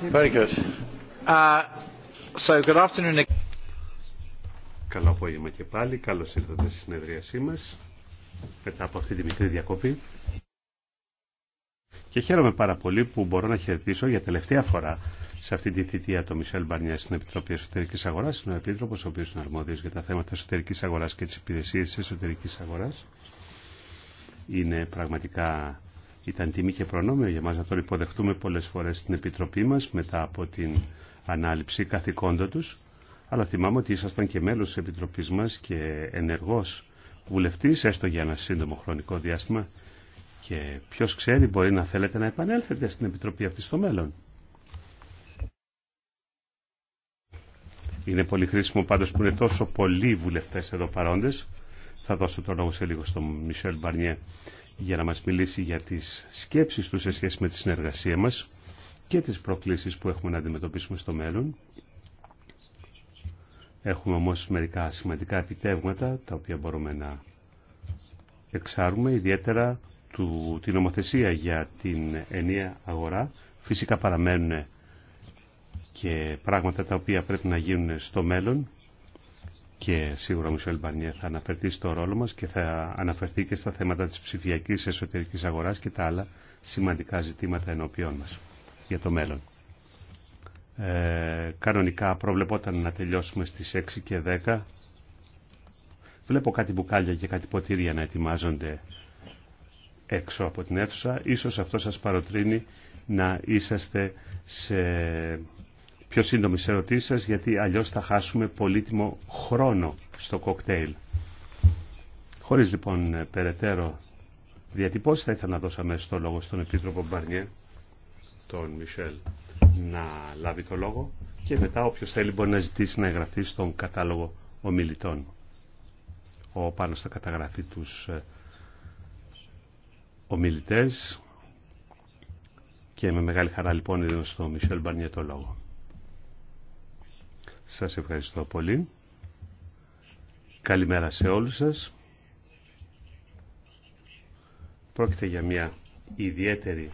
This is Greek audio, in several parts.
Very good. Uh, Καλό απόγευμα και πάλι. Καλώ ήρθατε στη συνεδρίασή μα μετά από αυτή τη μικρή διακοπή. Και χαίρομαι πάρα πολύ που μπορώ να χαιρετήσω για τελευταία φορά σε αυτή τη θητεία το Μισελ Μπαρνιά στην Επιτροπή Εσωτερική Αγορά. Είναι ο Επίτροπο, ο οποίο είναι αρμόδιο για τα θέματα εσωτερική αγορά και τι υπηρεσίε τη εσωτερική αγορά. Είναι πραγματικά ήταν τιμή και προνόμιο για μας να τον υποδεχτούμε πολλές φορές στην Επιτροπή μας μετά από την ανάληψη καθηκόντων τους. Αλλά θυμάμαι ότι ήσασταν και μέλος της Επιτροπής μας και ενεργός βουλευτής, έστω για ένα σύντομο χρονικό διάστημα. Και ποιος ξέρει μπορεί να θέλετε να επανέλθετε στην Επιτροπή αυτή στο μέλλον. Είναι πολύ χρήσιμο πάντως που είναι τόσο πολλοί βουλευτές εδώ παρόντες. Θα δώσω το λόγο σε λίγο στον Μισελ Μπαρνιέ για να μας μιλήσει για τις σκέψεις του σε σχέση με τη συνεργασία μας και τις προκλήσεις που έχουμε να αντιμετωπίσουμε στο μέλλον. Έχουμε όμως μερικά σημαντικά επιτεύγματα τα οποία μπορούμε να εξάρουμε, ιδιαίτερα του, την νομοθεσία για την ενία αγορά. Φυσικά παραμένουν και πράγματα τα οποία πρέπει να γίνουν στο μέλλον και σίγουρα ο Μισελ Μπαρνιέ θα αναφερθεί στο ρόλο μας και θα αναφερθεί και στα θέματα της ψηφιακής εσωτερικής αγοράς και τα άλλα σημαντικά ζητήματα ενώπιών μας για το μέλλον. Ε, κανονικά προβλεπόταν να τελειώσουμε στις 6 και 10. Βλέπω κάτι μπουκάλια και κάτι ποτήρια να ετοιμάζονται έξω από την αίθουσα. Ίσως αυτό σας παροτρύνει να είσαστε σε πιο σύντομη ερωτήσει, σα, γιατί αλλιώς θα χάσουμε πολύτιμο χρόνο στο κοκτέιλ. Χωρίς λοιπόν περαιτέρω διατυπώσει, θα ήθελα να δώσω αμέσω το λόγο στον Επίτροπο Μπαρνιέ, τον Μισελ, να λάβει το λόγο και μετά όποιο θέλει μπορεί να ζητήσει να εγγραφεί στον κατάλογο ομιλητών. Ο πάνω θα καταγράφει του ε, ομιλητέ. και με μεγάλη χαρά λοιπόν έδωσε στον Μισελ Μπαρνιέ το λόγο. Σας ευχαριστώ πολύ. Καλημέρα σε όλους σας. Πρόκειται για μια ιδιαίτερη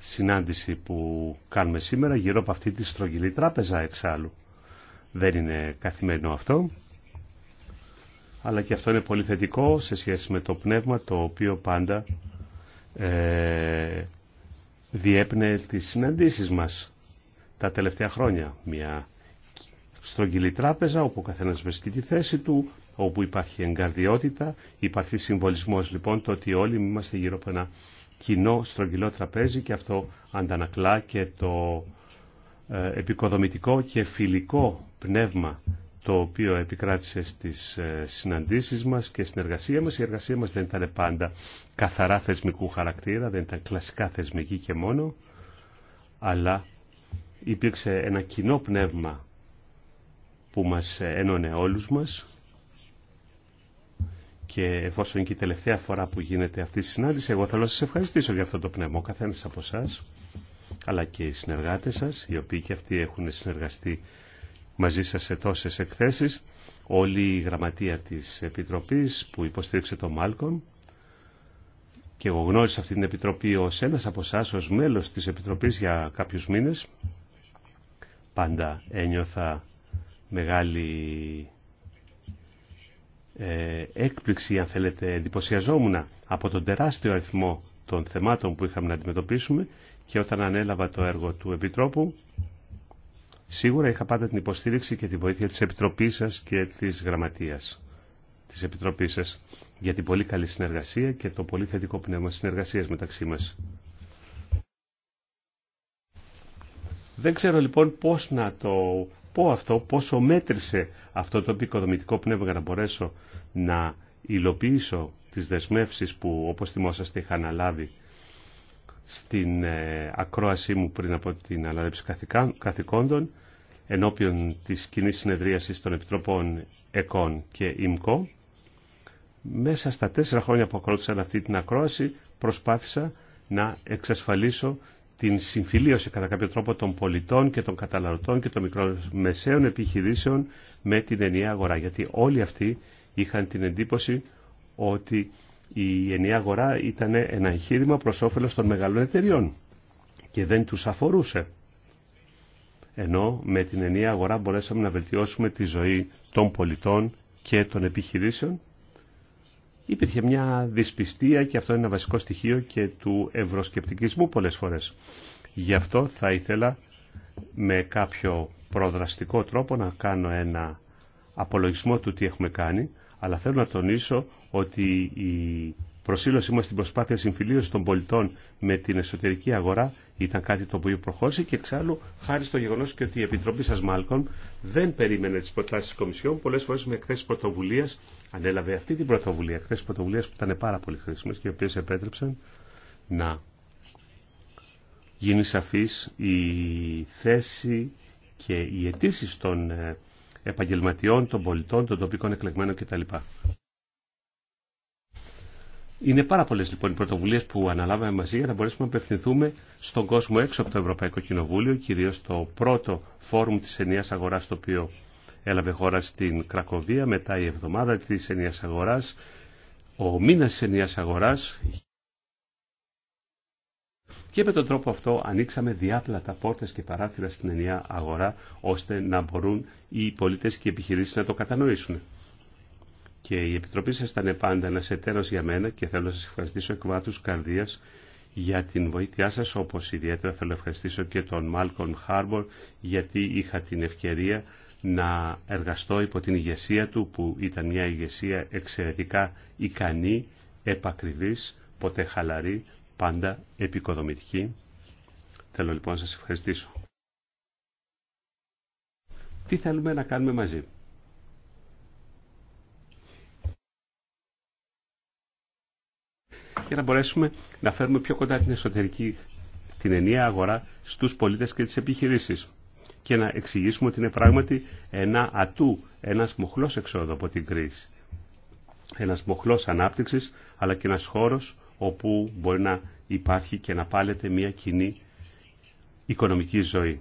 συνάντηση που κάνουμε σήμερα γύρω από αυτή τη στρογγυλή τράπεζα εξάλλου. Δεν είναι καθημερινό αυτό, αλλά και αυτό είναι πολύ θετικό σε σχέση με το πνεύμα το οποίο πάντα ε, διέπνε τις συναντήσεις μας τα τελευταία χρόνια. Μια στρογγυλή τράπεζα όπου ο καθένας βρίσκει τη θέση του, όπου υπάρχει εγκαρδιότητα, υπάρχει συμβολισμός λοιπόν το ότι όλοι είμαστε γύρω από ένα κοινό στρογγυλό τραπέζι και αυτό αντανακλά και το ε, επικοδομητικό και φιλικό πνεύμα το οποίο επικράτησε στις ε, συναντήσεις μας και στην εργασία μας. Η εργασία μας δεν ήταν πάντα καθαρά θεσμικού χαρακτήρα, δεν ήταν κλασικά θεσμική και μόνο, αλλά υπήρξε ένα κοινό πνεύμα που μας ένωνε όλους μας και εφόσον είναι και η τελευταία φορά που γίνεται αυτή η συνάντηση, εγώ θέλω να σας ευχαριστήσω για αυτό το πνεύμα, ο καθένας από εσά, αλλά και οι συνεργάτες σας, οι οποίοι και αυτοί έχουν συνεργαστεί μαζί σας σε τόσες εκθέσεις, όλη η γραμματεία της Επιτροπής που υποστήριξε τον Μάλκον, και εγώ γνώρισα αυτή την Επιτροπή ως ένας από εσά, ως μέλος της Επιτροπής για κάποιους μήνες, πάντα ένιωθα μεγάλη ε, έκπληξη, αν θέλετε, εντυπωσιαζόμουν από τον τεράστιο αριθμό των θεμάτων που είχαμε να αντιμετωπίσουμε και όταν ανέλαβα το έργο του Επιτρόπου, σίγουρα είχα πάντα την υποστήριξη και τη βοήθεια της Επιτροπής σας και της Γραμματείας της Επιτροπής σας για την πολύ καλή συνεργασία και το πολύ θετικό πνεύμα συνεργασίας μεταξύ μας. Δεν ξέρω λοιπόν πώς να το πω αυτό, πόσο μέτρησε αυτό το επικοδομητικό πνεύμα για να μπορέσω να υλοποιήσω τις δεσμεύσεις που όπως θυμόσαστε είχα αναλάβει στην ε, ακρόασή μου πριν από την αναλέψη καθηκόντων ενώπιον της κοινή συνεδρίασης των Επιτροπών ΕΚΟΝ και ΙΜΚΟ. Μέσα στα τέσσερα χρόνια που ακολούθησαν αυτή την ακρόαση προσπάθησα να εξασφαλίσω την συμφιλίωση κατά κάποιο τρόπο των πολιτών και των καταναλωτών και των μικρομεσαίων επιχειρήσεων με την ενιαία αγορά. Γιατί όλοι αυτοί είχαν την εντύπωση ότι η ενιαία αγορά ήταν ένα εγχείρημα προς όφελος των μεγάλων εταιριών και δεν τους αφορούσε. Ενώ με την ενιαία αγορά μπορέσαμε να βελτιώσουμε τη ζωή των πολιτών και των επιχειρήσεων υπήρχε μια δυσπιστία και αυτό είναι ένα βασικό στοιχείο και του ευρωσκεπτικισμού πολλές φορές. Γι' αυτό θα ήθελα με κάποιο προδραστικό τρόπο να κάνω ένα απολογισμό του τι έχουμε κάνει, αλλά θέλω να τονίσω ότι η προσήλωσή μας στην προσπάθεια συμφιλίωση των πολιτών με την εσωτερική αγορά ήταν κάτι το οποίο προχώρησε και εξάλλου χάρη στο γεγονό και ότι η Επιτροπή σας Μάλκον δεν περίμενε τι προτάσει τη Κομισιόν, Πολλέ φορέ με εκθέσει πρωτοβουλία ανέλαβε αυτή την πρωτοβουλία, εκθέσει πρωτοβουλία που ήταν πάρα πολύ χρήσιμε και οι οποίε επέτρεψαν να γίνει σαφής η θέση και οι αιτήσει των ε, επαγγελματιών, των πολιτών, των τοπικών εκλεγμένων κτλ. Είναι πάρα πολλέ λοιπόν οι πρωτοβουλίε που αναλάβαμε μαζί για να μπορέσουμε να απευθυνθούμε στον κόσμο έξω από το Ευρωπαϊκό Κοινοβούλιο, κυρίω το πρώτο φόρουμ τη ενιαία αγορά το οποίο έλαβε χώρα στην Κρακοβία, μετά η εβδομάδα τη ενιαία αγορά, ο μήνα τη ενιαία αγορά. Και με τον τρόπο αυτό ανοίξαμε διάπλατα πόρτες και παράθυρα στην ενιαία αγορά, ώστε να μπορούν οι πολίτες και οι επιχειρήσεις να το κατανοήσουν και η Επιτροπή σας ήταν πάντα ένας εταίρος για μένα και θέλω να σας ευχαριστήσω εκ βάθους καρδίας για την βοήθειά σας, όπως ιδιαίτερα θέλω να ευχαριστήσω και τον Μάλκον Χάρμπορ, γιατί είχα την ευκαιρία να εργαστώ υπό την ηγεσία του, που ήταν μια ηγεσία εξαιρετικά ικανή, επακριβής, ποτέ χαλαρή, πάντα επικοδομητική. Θέλω λοιπόν να σας ευχαριστήσω. Τι θέλουμε να κάνουμε μαζί. για να μπορέσουμε να φέρουμε πιο κοντά την εσωτερική, την ενιαία αγορά στους πολίτες και τις επιχειρήσεις και να εξηγήσουμε ότι είναι πράγματι ένα ατού, ένας μοχλός εξόδου από την κρίση. Ένας μοχλός ανάπτυξης, αλλά και ένας χώρος όπου μπορεί να υπάρχει και να πάλεται μια κοινή οικονομική ζωή.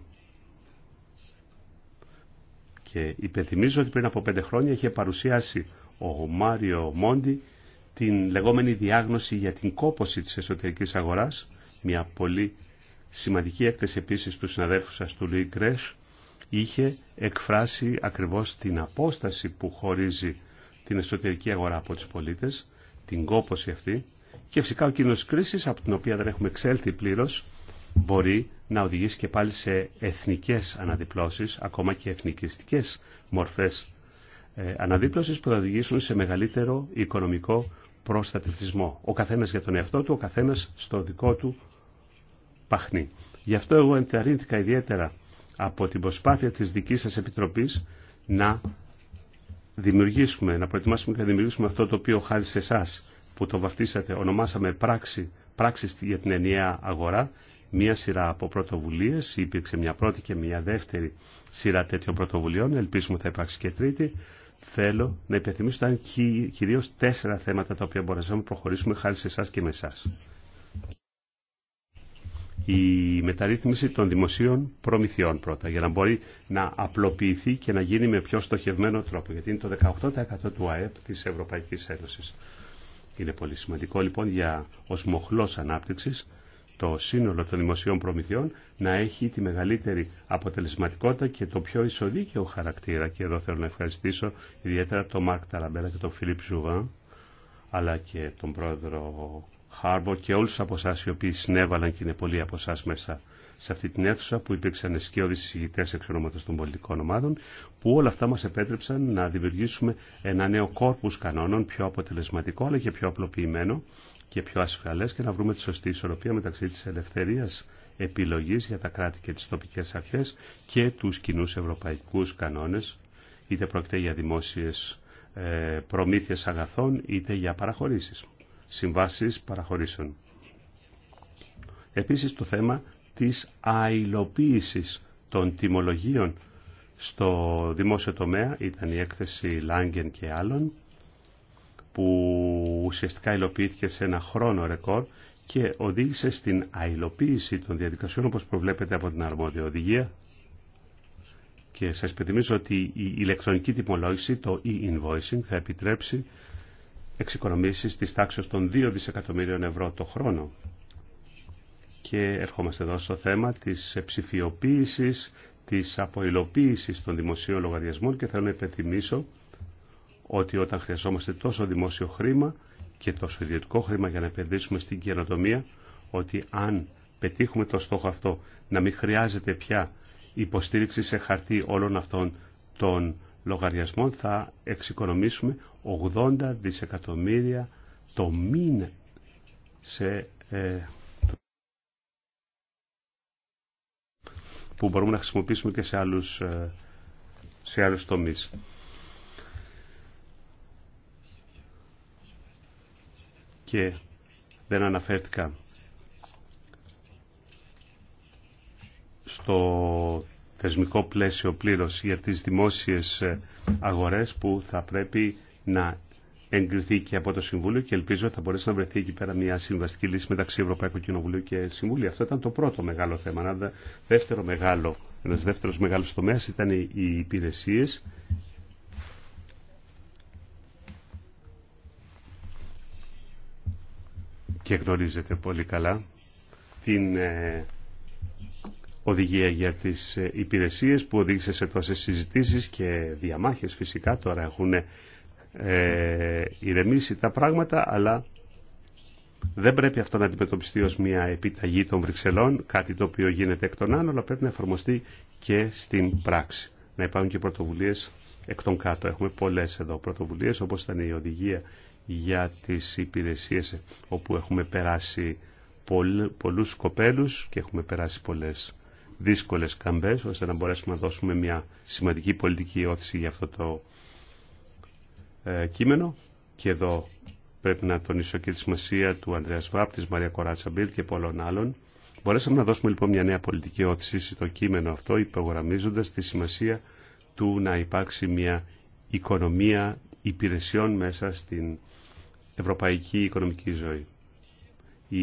Και υπενθυμίζω ότι πριν από πέντε χρόνια είχε παρουσιάσει ο Μάριο Μόντι την λεγόμενη διάγνωση για την κόπωση της εσωτερικής αγοράς, μια πολύ σημαντική έκθεση επίσης του συναδέλφου σας του Λουί είχε εκφράσει ακριβώς την απόσταση που χωρίζει την εσωτερική αγορά από τους πολίτες, την κόπωση αυτή και φυσικά ο κίνδυνος κρίσης από την οποία δεν έχουμε εξέλθει πλήρως μπορεί να οδηγήσει και πάλι σε εθνικές αναδιπλώσεις, ακόμα και εθνικιστικές μορφές ε, αναδίπλωσης που θα οδηγήσουν σε μεγαλύτερο οικονομικό προστατευτισμό. Ο καθένα για τον εαυτό του, ο καθένα στο δικό του παχνί. Γι' αυτό εγώ ενθαρρύνθηκα ιδιαίτερα από την προσπάθεια της δικής σας Επιτροπής να δημιουργήσουμε, να προετοιμάσουμε και να δημιουργήσουμε αυτό το οποίο σε εσά που το βαφτίσατε, ονομάσαμε πράξη, πράξεις για την ενιαία αγορά, μία σειρά από πρωτοβουλίε, υπήρξε μια πρώτη και μια δεύτερη σειρά τέτοιων πρωτοβουλειών, ελπίζουμε θα υπάρξει και τρίτη, Θέλω να υπενθυμίσω ότι ήταν κυρίως τέσσερα θέματα τα οποία μπορέσαμε να προχωρήσουμε χάρη σε εσά και με εσά. Η μεταρρύθμιση των δημοσίων προμηθειών πρώτα, για να μπορεί να απλοποιηθεί και να γίνει με πιο στοχευμένο τρόπο, γιατί είναι το 18% του ΑΕΠ της Ευρωπαϊκής Ένωσης. Είναι πολύ σημαντικό λοιπόν για ως μοχλός ανάπτυξης το σύνολο των δημοσίων προμηθειών να έχει τη μεγαλύτερη αποτελεσματικότητα και το πιο ισοδίκαιο χαρακτήρα. Και εδώ θέλω να ευχαριστήσω ιδιαίτερα τον Μάρκ Ταραμπέλα και τον Φιλίπ Ζουβάν, αλλά και τον πρόεδρο Χάρμπο και όλου από εσά οι οποίοι συνέβαλαν και είναι πολλοί από εσά μέσα σε αυτή την αίθουσα που υπήρξαν σκιώδει συζητητές εξ ονόματος των πολιτικών ομάδων που όλα αυτά μα επέτρεψαν να δημιουργήσουμε ένα νέο κόρπου κανόνων πιο αποτελεσματικό αλλά και πιο απλοποιημένο και πιο ασφαλές και να βρούμε τη σωστή ισορροπία μεταξύ της ελευθερίας επιλογής για τα κράτη και τις τοπικές αρχές και τους κοινού ευρωπαϊκούς κανόνες, είτε πρόκειται για δημόσιες ε, προμήθειες αγαθών, είτε για παραχωρήσεις, συμβάσεις παραχωρήσεων. Επίσης το θέμα της αϊλοποίησης των τιμολογίων στο δημόσιο τομέα ήταν η έκθεση Λάγκεν και άλλων που ουσιαστικά υλοποιήθηκε σε ένα χρόνο ρεκόρ και οδήγησε στην αϊλοποίηση των διαδικασιών όπως προβλέπεται από την αρμόδια οδηγία. Και σας υπενθυμίζω ότι η ηλεκτρονική τιμολόγηση, το e-invoicing, θα επιτρέψει εξοικονομήσεις της τάξης των 2 δισεκατομμύριων ευρώ το χρόνο. Και ερχόμαστε εδώ στο θέμα της ψηφιοποίησης, της αποϊλοποίησης των δημοσίων λογαριασμών και θέλω να υπενθυμίσω ότι όταν χρειαζόμαστε τόσο δημόσιο χρήμα και τόσο ιδιωτικό χρήμα για να επενδύσουμε στην καινοτομία, ότι αν πετύχουμε το στόχο αυτό να μην χρειάζεται πια υποστήριξη σε χαρτί όλων αυτών των λογαριασμών, θα εξοικονομήσουμε 80 δισεκατομμύρια το μήνα σε, ε, που μπορούμε να χρησιμοποιήσουμε και σε άλλους, ε, σε άλλους τομείς. και δεν αναφέρθηκα στο θεσμικό πλαίσιο πλήρως για τις δημόσιες ε, αγορές που θα πρέπει να εγκριθεί και από το Συμβούλιο και ελπίζω ότι θα μπορέσει να βρεθεί εκεί πέρα μια συμβαστική λύση μεταξύ Ευρωπαϊκού Κοινοβουλίου και Συμβουλίου. Αυτό ήταν το πρώτο μεγάλο θέμα. Ένα δεύτερο μεγάλο, ένας δεύτερος μεγάλος τομέας ήταν οι υπηρεσίες και γνωρίζετε πολύ καλά την ε, οδηγία για τις ε, υπηρεσίες που οδήγησε σε τόσες συζητήσεις και διαμάχες φυσικά τώρα έχουν ε, ηρεμήσει τα πράγματα αλλά δεν πρέπει αυτό να αντιμετωπιστεί ως μια επιταγή των Βρυξελών, κάτι το οποίο γίνεται εκ των άνω, αλλά πρέπει να εφαρμοστεί και στην πράξη. Να υπάρχουν και πρωτοβουλίες εκ των κάτω. Έχουμε πολλές εδώ πρωτοβουλίες, όπως ήταν η οδηγία για τις υπηρεσίες όπου έχουμε περάσει πολλούς κοπέλους και έχουμε περάσει πολλές δύσκολες καμπές ώστε να μπορέσουμε να δώσουμε μια σημαντική πολιτική όθηση για αυτό το ε, κείμενο και εδώ πρέπει να τονίσω και τη σημασία του Ανδρέας Βάπ, της Μαρία Κοράτσαμπίλ και πολλών άλλων. Μπορέσαμε να δώσουμε λοιπόν μια νέα πολιτική όθηση στο κείμενο αυτό υπογραμμίζοντας τη σημασία του να υπάρξει μια οικονομία υπηρεσιών μέσα στην ευρωπαϊκή οικονομική ζωή. Η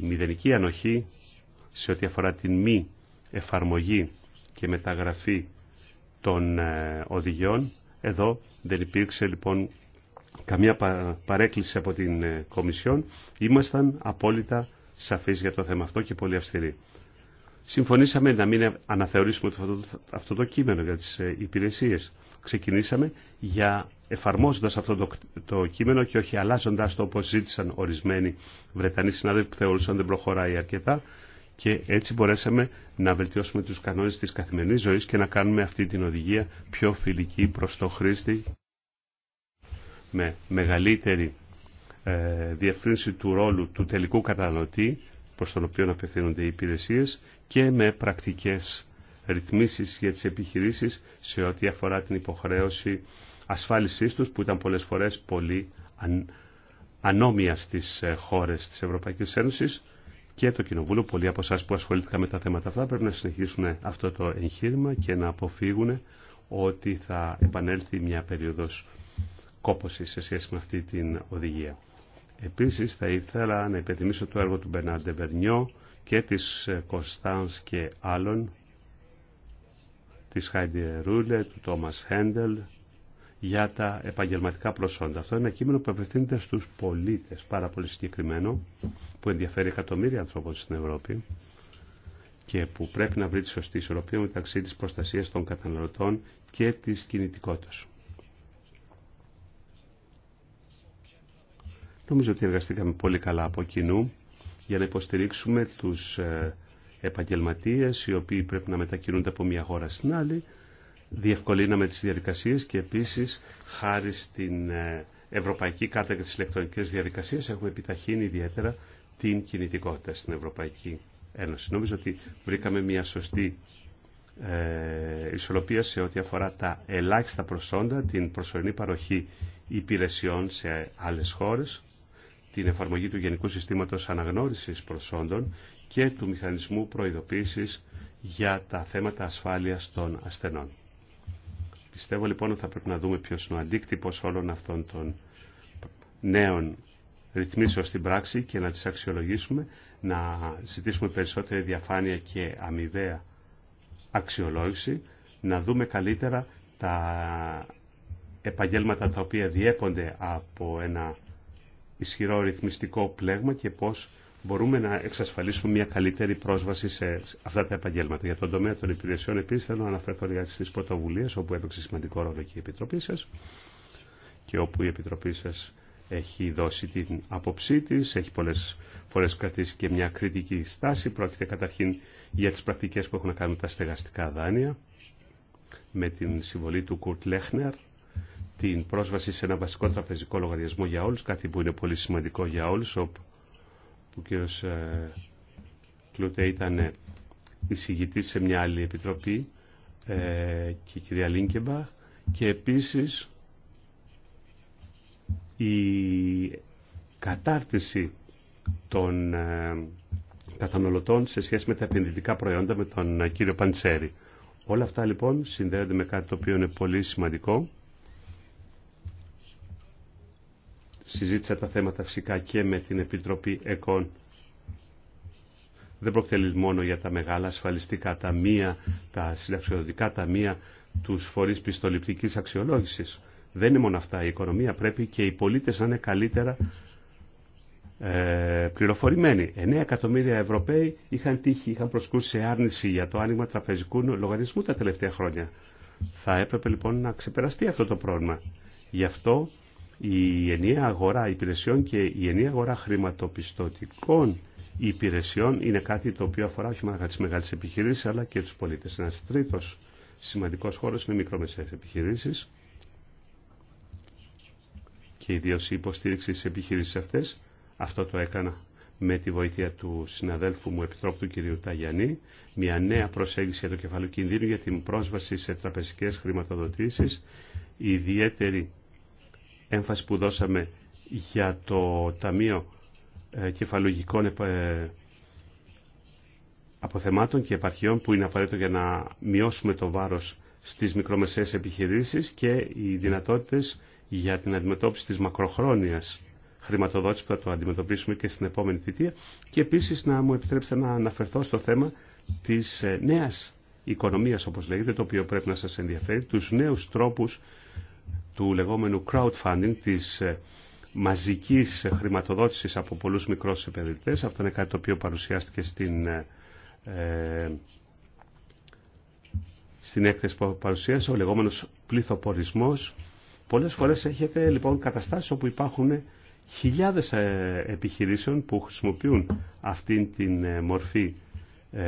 μηδενική ανοχή σε ό,τι αφορά την μη εφαρμογή και μεταγραφή των ε, οδηγιών. Εδώ δεν υπήρξε λοιπόν καμία παρέκκληση από την ε, Κομισιόν. Ήμασταν απόλυτα σαφείς για το θέμα αυτό και πολύ αυστηροί. Συμφωνήσαμε να μην αναθεωρήσουμε αυτό το κείμενο για τις ε, υπηρεσίες. Ξεκινήσαμε για εφαρμόζοντας αυτό το, το κείμενο και όχι αλλάζοντας το όπως ζήτησαν ορισμένοι Βρετανοί συνάδελφοι που θεωρούσαν δεν προχωράει αρκετά και έτσι μπορέσαμε να βελτιώσουμε τους κανόνες της καθημερινής ζωής και να κάνουμε αυτή την οδηγία πιο φιλική προς το χρήστη με μεγαλύτερη ε, διευθύνση του ρόλου του τελικού καταναλωτή προς τον οποίο απευθύνονται οι υπηρεσίες και με πρακτικές ρυθμίσεις για τις επιχειρήσεις σε ό,τι αφορά την υποχρέωση ασφάλισής τους που ήταν πολλές φορές πολύ αν, ανώμια στις ε, χώρες της Ευρωπαϊκής Ένωσης και το Κοινοβούλιο, πολλοί από εσά που ασχολήθηκαν με τα θέματα αυτά πρέπει να συνεχίσουν αυτό το εγχείρημα και να αποφύγουν ότι θα επανέλθει μια περίοδος κόπωση σε σχέση με αυτή την οδηγία. Επίσης θα ήθελα να υπενθυμίσω το έργο του Μπερνάντε Βερνιό και της ε, Κωνστάνς και άλλων, της Χάιντι Ρούλε, του Τόμας Χέντελ, για τα επαγγελματικά προσόντα. Αυτό είναι ένα κείμενο που απευθύνεται στους πολίτες, πάρα πολύ συγκεκριμένο, που ενδιαφέρει εκατομμύρια ανθρώπων στην Ευρώπη και που πρέπει να βρει τη σωστή ισορροπία μεταξύ της προστασίας των καταναλωτών και της κινητικότητας. Νομίζω ότι εργαστήκαμε πολύ καλά από κοινού για να υποστηρίξουμε τους ε, επαγγελματίες οι οποίοι πρέπει να μετακινούνται από μια χώρα στην άλλη διευκολύναμε τις διαδικασίες και επίσης χάρη στην ε, Ευρωπαϊκή Κάρτα και τις ηλεκτρονικές διαδικασίες έχουμε επιταχύνει ιδιαίτερα την κινητικότητα στην Ευρωπαϊκή Ένωση. Νομίζω ότι βρήκαμε μια σωστή ε, ισορροπία σε ό,τι αφορά τα ελάχιστα προσόντα, την προσωρινή παροχή υπηρεσιών σε άλλες χώρες, την εφαρμογή του Γενικού Συστήματος Αναγνώρισης Προσόντων και του Μηχανισμού Προειδοποίησης για τα θέματα ασφάλειας των ασθενών. Πιστεύω λοιπόν ότι θα πρέπει να δούμε ποιος είναι ο αντίκτυπος όλων αυτών των νέων ρυθμίσεων στην πράξη και να τις αξιολογήσουμε, να ζητήσουμε περισσότερη διαφάνεια και αμοιβαία αξιολόγηση, να δούμε καλύτερα τα επαγγέλματα τα οποία διέπονται από ένα ισχυρό ρυθμιστικό πλέγμα και πώς μπορούμε να εξασφαλίσουμε μια καλύτερη πρόσβαση σε αυτά τα επαγγέλματα. Για τον τομέα των υπηρεσιών επίση θέλω να αναφερθώ για στι πρωτοβουλίε όπου έπαιξε σημαντικό ρόλο και η Επιτροπή σα και όπου η Επιτροπή σα έχει δώσει την άποψή τη, έχει πολλέ φορέ κρατήσει και μια κριτική στάση. Πρόκειται καταρχήν για τι πρακτικέ που έχουν να κάνουν τα στεγαστικά δάνεια με την συμβολή του Κουρτ Λέχνερ την πρόσβαση σε ένα βασικό τραπεζικό λογαριασμό για όλου. κάτι που είναι πολύ σημαντικό για όλου. όπου που ο κύριος ε, Κλούτε ήταν εισηγητής σε μια άλλη επιτροπή ε, και η κυρία Λίνκεμπα και επίσης η κατάρτιση των ε, καταναλωτών σε σχέση με τα επενδυτικά προϊόντα με τον κύριο Παντσέρη. Όλα αυτά λοιπόν συνδέονται με κάτι το οποίο είναι πολύ σημαντικό συζήτησα τα θέματα φυσικά και με την Επιτροπή ΕΚΟΝ. Δεν προκτελεί μόνο για τα μεγάλα ασφαλιστικά ταμεία, τα συνταξιοδοτικά ταμεία, του φορεί πιστοληπτικής αξιολόγησης. Δεν είναι μόνο αυτά. Η οικονομία πρέπει και οι πολίτες να είναι καλύτερα ε, πληροφορημένοι. 9 εκατομμύρια Ευρωπαίοι είχαν τύχει, είχαν προσκούσει σε άρνηση για το άνοιγμα τραπεζικού λογαριασμού τα τελευταία χρόνια. Θα έπρεπε λοιπόν να ξεπεραστεί αυτό το πρόβλημα. Γι' αυτό η ενιαία αγορά υπηρεσιών και η ενιαία αγορά χρηματοπιστωτικών υπηρεσιών είναι κάτι το οποίο αφορά όχι μόνο τις μεγάλες επιχειρήσεις αλλά και τους πολίτες. Ένας τρίτος σημαντικός χώρος είναι μικρομεσαίες επιχειρήσεις και ιδίω η υποστήριξη στις επιχειρήσεις αυτές. Αυτό το έκανα με τη βοήθεια του συναδέλφου μου επιτρόπου του κυρίου Ταγιανή, μια νέα προσέγγιση για το κεφαλαίο για την πρόσβαση σε τραπεζικές χρηματοδοτήσεις, ιδιαίτερη έμφαση που δώσαμε για το Ταμείο ε, Κεφαλογικών ε, Αποθεμάτων και Επαρχιών που είναι απαραίτητο για να μειώσουμε το βάρος στις μικρομεσαίες επιχειρήσεις και οι δυνατότητες για την αντιμετώπιση της μακροχρόνιας χρηματοδότηση που θα το αντιμετωπίσουμε και στην επόμενη θητεία και επίσης να μου επιτρέψετε να αναφερθώ στο θέμα της ε, νέας οικονομίας όπως λέγεται το οποίο πρέπει να σας ενδιαφέρει, τους νέους τρόπους του λεγόμενου crowdfunding, της ε, μαζικής χρηματοδότησης από πολλούς μικρούς επενδυτές. Αυτό είναι κάτι το οποίο παρουσιάστηκε στην, ε, ε, στην έκθεση που παρουσίασε, ο λεγόμενος πληθοπορισμός. Πολλές φορές έχετε λοιπόν καταστάσεις όπου υπάρχουν χιλιάδες επιχειρήσεων που χρησιμοποιούν αυτήν την μορφή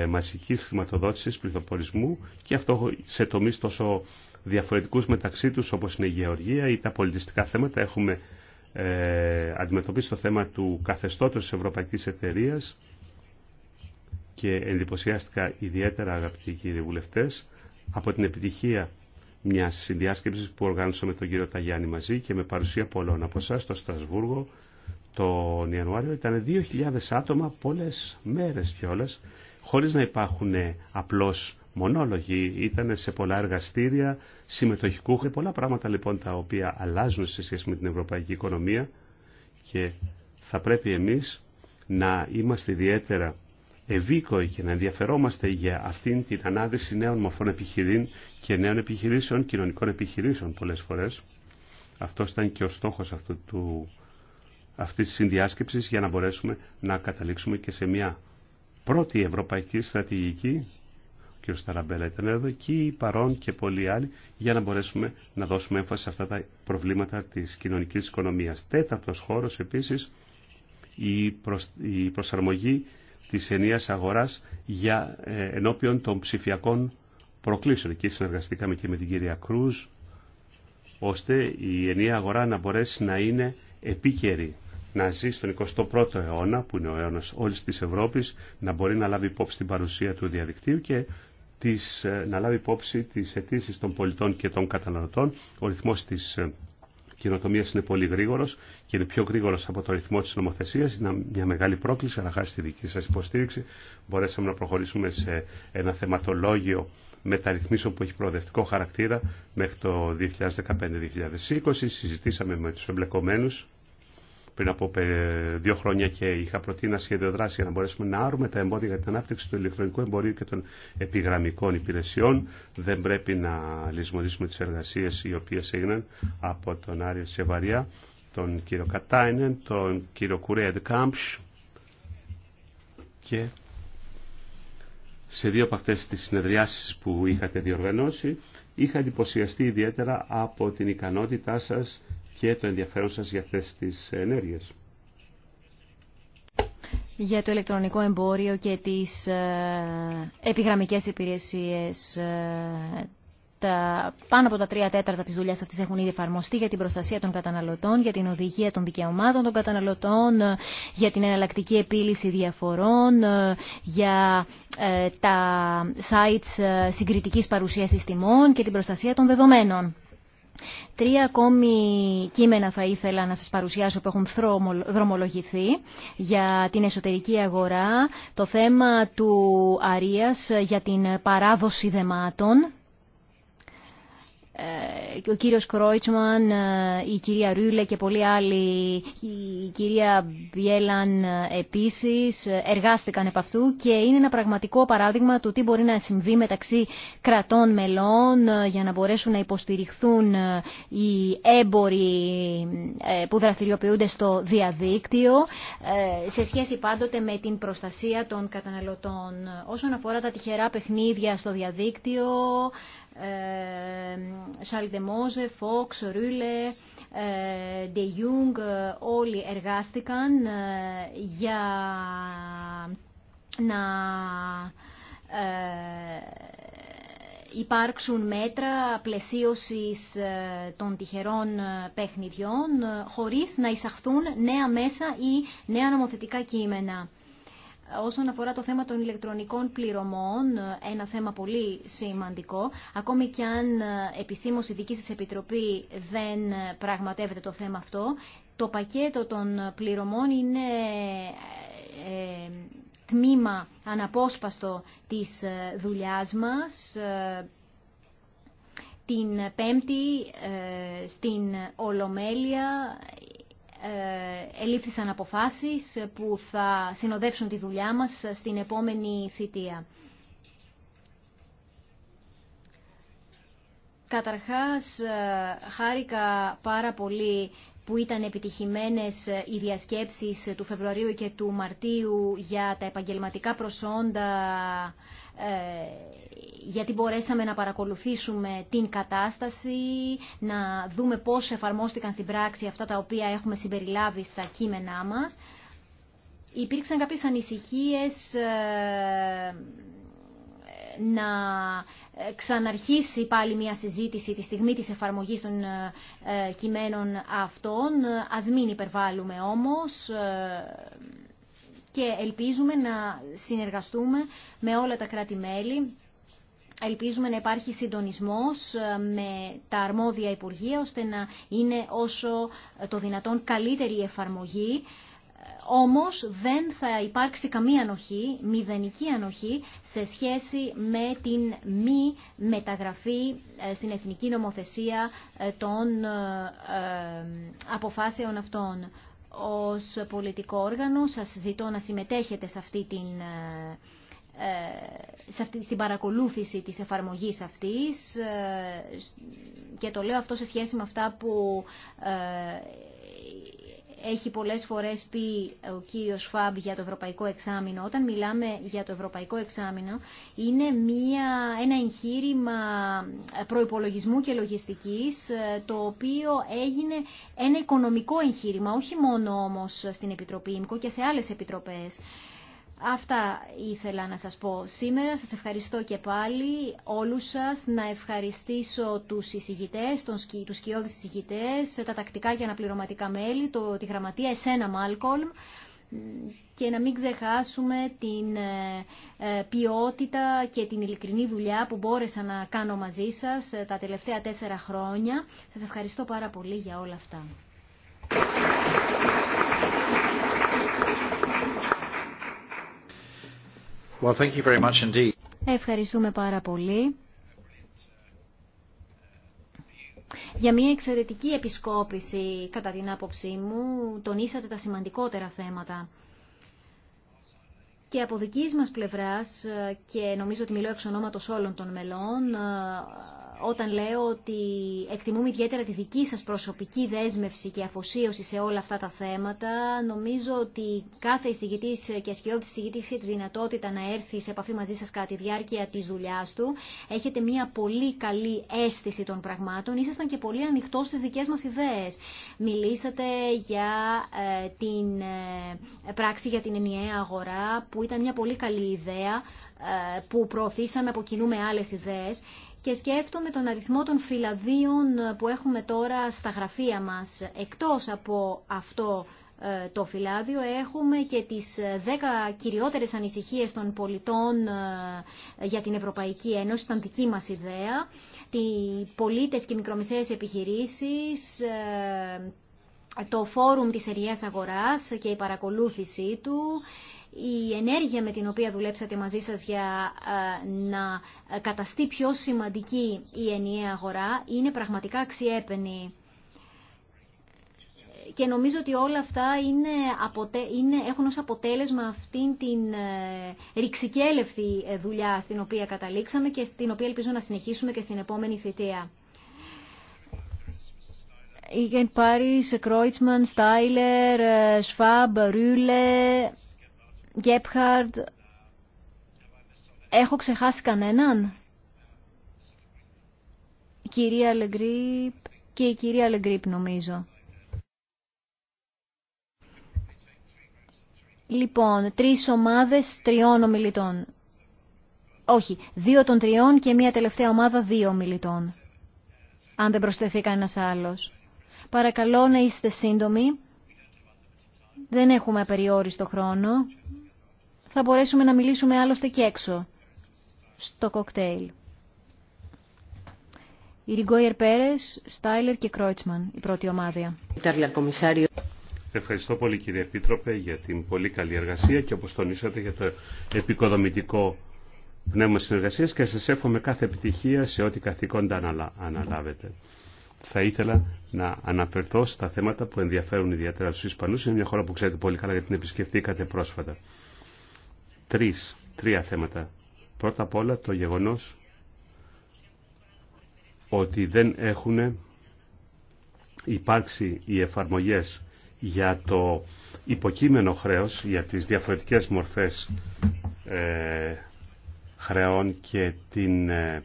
μαζικής χρηματοδότησης πληθοπορισμού και αυτό σε τομείς τόσο διαφορετικούς μεταξύ τους όπως είναι η γεωργία ή τα πολιτιστικά θέματα. Έχουμε ε, αντιμετωπίσει το θέμα του καθεστώτος της Ευρωπαϊκής Εταιρείας και εντυπωσιάστηκα ιδιαίτερα αγαπητοί κύριοι βουλευτές από την επιτυχία μια συνδιάσκεψη που οργάνωσα με τον κύριο Ταγιάννη μαζί και με παρουσία πολλών από εσά στο Στρασβούργο τον Ιανουάριο. Ήταν 2.000 άτομα πολλές μέρες κιόλα, χωρίς να υπάρχουν απλώς μονόλογοι, ήταν σε πολλά εργαστήρια συμμετοχικού. Και πολλά πράγματα λοιπόν τα οποία αλλάζουν σε σχέση με την ευρωπαϊκή οικονομία και θα πρέπει εμείς να είμαστε ιδιαίτερα ευήκοοι και να ενδιαφερόμαστε για αυτήν την ανάδυση νέων μορφών επιχειρήν και νέων επιχειρήσεων, κοινωνικών επιχειρήσεων πολλές φορές. Αυτό ήταν και ο στόχος αυτού του, αυτής της συνδιάσκεψης για να μπορέσουμε να καταλήξουμε και σε μια πρώτη ευρωπαϊκή στρατηγική κ. Ταραμπέλα ήταν εδώ οι παρόν και πολλοί άλλοι, για να μπορέσουμε να δώσουμε έμφαση σε αυτά τα προβλήματα της κοινωνικής οικονομίας. Τέταρτος χώρος επίσης, η, προσ... η προσαρμογή της ενίας αγοράς για ε, ενώπιον των ψηφιακών προκλήσεων. Εκεί συνεργαστήκαμε και με την κυρία Κρούζ, ώστε η ενία αγορά να μπορέσει να είναι επίκαιρη να ζει στον 21ο αιώνα, που είναι ο αιώνα ο αιωνας ολη τη Ευρώπη, να μπορεί να λάβει υπόψη την παρουσία του διαδικτύου και τις, ε, να λάβει υπόψη τις αιτήσει των πολιτών και των καταναλωτών. Ο ρυθμός της ε, κοινοτομία είναι πολύ γρήγορο και είναι πιο γρήγορο από το ρυθμό τη νομοθεσία. Είναι μια μεγάλη πρόκληση, αλλά χάρη στη δική σα υποστήριξη μπορέσαμε να προχωρήσουμε σε ένα θεματολόγιο μεταρρυθμίσεων που έχει προοδευτικό χαρακτήρα μέχρι το 2015-2020. Συζητήσαμε με του εμπλεκομένου πριν από δύο χρόνια και είχα προτείνει ένα σχέδιο δράση για να μπορέσουμε να άρουμε τα εμπόδια για την ανάπτυξη του ηλεκτρονικού εμπορίου και των επιγραμμικών υπηρεσιών. Δεν πρέπει να λησμονήσουμε τι εργασίε οι οποίε έγιναν από τον Άριο Σεβαριά, τον κύριο Κατάινεν, τον κύριο Κουρέιντ Κάμψ και σε δύο από αυτέ τι συνεδριάσει που είχατε διοργανώσει είχα εντυπωσιαστεί ιδιαίτερα από την ικανότητά σας και το ενδιαφέρον σας για αυτές τις ενέργειες. Για το ηλεκτρονικό εμπόριο και τις ε, επιγραμμικές υπηρεσίες ε, τα, πάνω από τα τρία τέταρτα της δουλειάς αυτής έχουν ήδη εφαρμοστεί για την προστασία των καταναλωτών, για την οδηγία των δικαιωμάτων των καταναλωτών, ε, για την εναλλακτική επίλυση διαφορών, για τα sites συγκριτικής παρουσίασης τιμών και την προστασία των δεδομένων. Τρία ακόμη κείμενα θα ήθελα να σας παρουσιάσω που έχουν δρομολογηθεί για την εσωτερική αγορά, το θέμα του Αρίας για την παράδοση δεμάτων ε, ο κύριος Κρόιτσμαν, ε, η κυρία Ρούλε και πολλοί άλλοι, η κυρία Μπιέλαν ε, επίσης, εργάστηκαν επ' αυτού και είναι ένα πραγματικό παράδειγμα του τι μπορεί να συμβεί μεταξύ κρατών μελών για να μπορέσουν να υποστηριχθούν οι έμποροι που δραστηριοποιούνται στο διαδίκτυο σε σχέση πάντοτε με την προστασία των καταναλωτών. Όσον αφορά τα τυχερά παιχνίδια στο διαδίκτυο, σαλιδεμόζε, Φόξ, Ρούλε, Ντε Ιούγκ, όλοι εργάστηκαν ε, για να ε, υπάρξουν μέτρα πλαισίωσης ε, των τυχερών παιχνιδιών χωρίς να εισαχθούν νέα μέσα ή νέα νομοθετικά κείμενα όσον αφορά το θέμα των ηλεκτρονικών πληρωμών, ένα θέμα πολύ σημαντικό, ακόμη κι αν ε, επισήμως η δική σας Επιτροπή δεν πραγματεύεται το θέμα αυτό, το πακέτο των πληρωμών είναι ε, ε, τμήμα αναπόσπαστο της δουλειάς μας. Την Πέμπτη στην Ολομέλεια ε, ελήφθησαν αποφάσεις που θα συνοδεύσουν τη δουλειά μας στην επόμενη θητεία. Καταρχάς, ε, χάρηκα πάρα πολύ που ήταν επιτυχημένες ε, οι διασκέψεις ε, του Φεβρουαρίου και του Μαρτίου για τα επαγγελματικά προσόντα, ε, γιατί μπορέσαμε να παρακολουθήσουμε την κατάσταση, να δούμε πώς εφαρμόστηκαν στην πράξη αυτά τα οποία έχουμε συμπεριλάβει στα κείμενά μας. Υπήρξαν κάποιες ανησυχίες να ε, ξαναρχίσει πάλι μια συζήτηση τη στιγμή της εφαρμογής των ε, ε, κειμένων αυτών. Ας μην υπερβάλλουμε όμως και ελπίζουμε να συνεργαστούμε με όλα τα κράτη-μέλη Ελπίζουμε να υπάρχει συντονισμός με τα αρμόδια Υπουργεία, ώστε να είναι όσο το δυνατόν καλύτερη η εφαρμογή όμως δεν θα υπάρξει καμία ανοχή, μηδενική ανοχή, σε σχέση με την μη μεταγραφή ε, στην εθνική νομοθεσία ε, των ε, αποφάσεων αυτών. Ως πολιτικό όργανο σας ζητώ να συμμετέχετε σε αυτή την σε αυτή, στην παρακολούθηση της εφαρμογής αυτής και το λέω αυτό σε σχέση με αυτά που έχει πολλές φορές πει ο κύριος Φαμπ για το Ευρωπαϊκό Εξάμεινο. Όταν μιλάμε για το Ευρωπαϊκό Εξάμεινο, είναι μια, ένα εγχείρημα προϋπολογισμού και λογιστικής, ε, το οποίο έγινε ένα οικονομικό εγχείρημα, όχι μόνο όμως στην Επιτροπή ΙΜΚΟ και σε άλλες επιτροπές. Αυτά ήθελα να σας πω σήμερα. Σας ευχαριστώ και πάλι όλους σας. Να ευχαριστήσω τους εισηγητές, τους σκιώδεις εισηγητές, τα τακτικά και αναπληρωματικά μέλη, το, τη γραμματεία εσένα Μάλκολμ και να μην ξεχάσουμε την ε, ε, ποιότητα και την ειλικρινή δουλειά που μπόρεσα να κάνω μαζί σας ε, τα τελευταία τέσσερα χρόνια. Σας ευχαριστώ πάρα πολύ για όλα αυτά. Well, thank you very Ευχαριστούμε πάρα πολύ για μια εξαιρετική επισκόπηση, κατά την άποψή μου, τονίσατε τα σημαντικότερα θέματα. Και από δική μας πλευράς, και νομίζω ότι μιλώ εξ ονόματος όλων των μελών, όταν λέω ότι εκτιμούμε ιδιαίτερα τη δική σας προσωπική δέσμευση και αφοσίωση σε όλα αυτά τα θέματα, νομίζω ότι κάθε εισηγητής και ασκιώδης εισηγητής έχει τη δυνατότητα να έρθει σε επαφή μαζί σας κατά τη διάρκεια της δουλειάς του. Έχετε μια πολύ καλή αίσθηση των πραγμάτων. Ήσασταν και πολύ ανοιχτό στις δικές μας ιδέες. Μιλήσατε για ε, την ε, πράξη για την ενιαία αγορά, που ήταν μια πολύ καλή ιδέα, ε, που προωθήσαμε από κοινού με άλλες ιδέες και σκέφτομαι τον αριθμό των φυλαδίων ε, που έχουμε τώρα στα γραφεία μας. Εκτός από αυτό ε, το φυλάδιο έχουμε και τις 10 ε, κυριότερες ανησυχίες των πολιτών για την Ευρωπαϊκή Ένωση, ήταν δική μας ιδέα, τι πολίτες και μικρομεσαίες επιχειρήσεις, το φόρουμ της σειράς Αγοράς και η παρακολούθησή του, η ενέργεια με την οποία δουλέψατε μαζί σας για ε, να ε, καταστεί πιο σημαντική η ενιαία αγορά είναι πραγματικά αξιέπαινη. Και νομίζω ότι όλα αυτά είναι, είναι... έχουν ως αποτέλεσμα αυτήν την ε, ε, δουλειά στην οποία καταλήξαμε και στην οποία ελπίζω να συνεχίσουμε και στην επόμενη θητεία. Γκέπχαρντ, έχω ξεχάσει κανέναν. κυρία Λεγκρίπ και η κυρία Λεγκρίπ νομίζω. Λοιπόν, τρεις ομάδες τριών ομιλητών. Όχι, δύο των τριών και μία τελευταία ομάδα δύο ομιλητών. Αν δεν προσθεθεί κανένας άλλος. Παρακαλώ να είστε σύντομοι. Δεν έχουμε απεριόριστο χρόνο θα μπορέσουμε να μιλήσουμε άλλωστε και έξω στο κοκτέιλ. Η Ριγκόιερ Πέρες, Στάιλερ και Κρόιτσμαν, η πρώτη ομάδα. Ευχαριστώ πολύ κύριε Επίτροπε για την πολύ καλή εργασία και όπως τονίσατε για το επικοδομητικό πνεύμα συνεργασίας και σας εύχομαι κάθε επιτυχία σε ό,τι καθηκόντα αναλάβετε. Θα ήθελα να αναφερθώ στα θέματα που ενδιαφέρουν ιδιαίτερα στους Ισπανούς. Είναι μια χώρα που ξέρετε πολύ καλά γιατί την επισκεφτήκατε πρόσφατα τρεις, τρία θέματα. Πρώτα απ' όλα το γεγονός ότι δεν έχουν υπάρξει οι εφαρμογές για το υποκείμενο χρέος, για τις διαφορετικές μορφές ε, χρεών και την ε,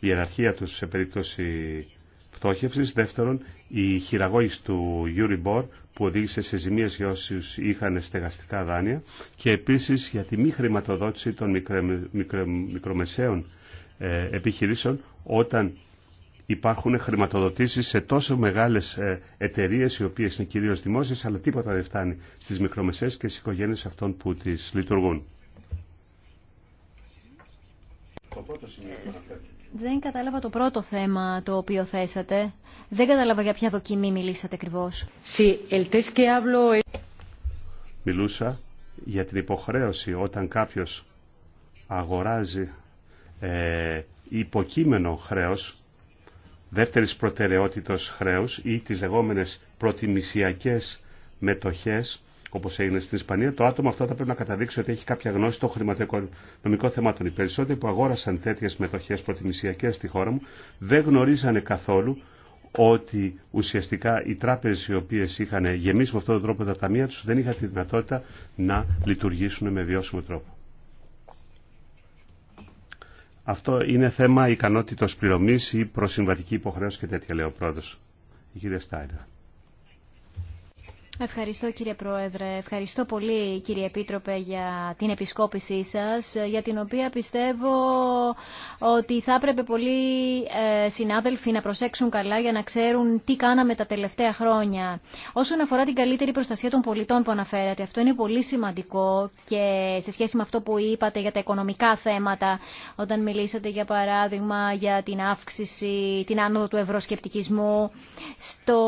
ιεραρχία τους σε περίπτωση Δεύτερον, η χειραγώγηση του Euribor που οδήγησε σε ζημιέ για όσου είχαν στεγαστικά δάνεια και επίσης για τη μη χρηματοδότηση των μικρομεσαίων ε, επιχειρήσεων όταν υπάρχουν χρηματοδοτήσει σε τόσο μεγάλες ε, εταιρείε, οι οποίες είναι κυρίως δημόσιες αλλά τίποτα δεν φτάνει στις μικρομεσαίε και στι οικογένειε αυτών που τι λειτουργούν. Το πρώτο σημείο δεν κατάλαβα το πρώτο θέμα το οποίο θέσατε. Δεν κατάλαβα για ποια δοκιμή μιλήσατε ακριβώ. Μιλούσα για την υποχρέωση όταν κάποιος αγοράζει ε, υποκείμενο χρέος, δεύτερης προτεραιότητος χρέους ή τις λεγόμενες προτιμησιακές μετοχές όπω έγινε στην Ισπανία, το άτομο αυτό θα πρέπει να καταδείξει ότι έχει κάποια γνώση των χρηματοοικονομικών θεμάτων. Οι περισσότεροι που αγόρασαν τέτοιε μετοχέ προτιμησιακέ στη χώρα μου δεν γνωρίζανε καθόλου ότι ουσιαστικά οι τράπεζε οι οποίε είχαν γεμίσει με αυτόν τον τρόπο τα ταμεία του δεν είχαν τη δυνατότητα να λειτουργήσουν με βιώσιμο τρόπο. Αυτό είναι θέμα ικανότητος πληρωμής ή προσυμβατική υποχρέωση και τέτοια, λέει ο πρόεδρος. Η κυρία ο προεδρος η κυρια σταιντα Ευχαριστώ κύριε Πρόεδρε, ευχαριστώ πολύ κύριε Επίτροπε για την επισκόπησή σας, για την οποία πιστεύω ότι θα έπρεπε πολλοί ε, συνάδελφοι να προσέξουν καλά για να ξέρουν τι κάναμε τα τελευταία χρόνια. Όσον αφορά την καλύτερη προστασία των πολιτών που αναφέρατε, αυτό είναι πολύ σημαντικό και σε σχέση με αυτό που είπατε για τα οικονομικά θέματα, όταν μιλήσατε για παράδειγμα για την αύξηση, την άνοδο του ευρωσκεπτικισμού, στο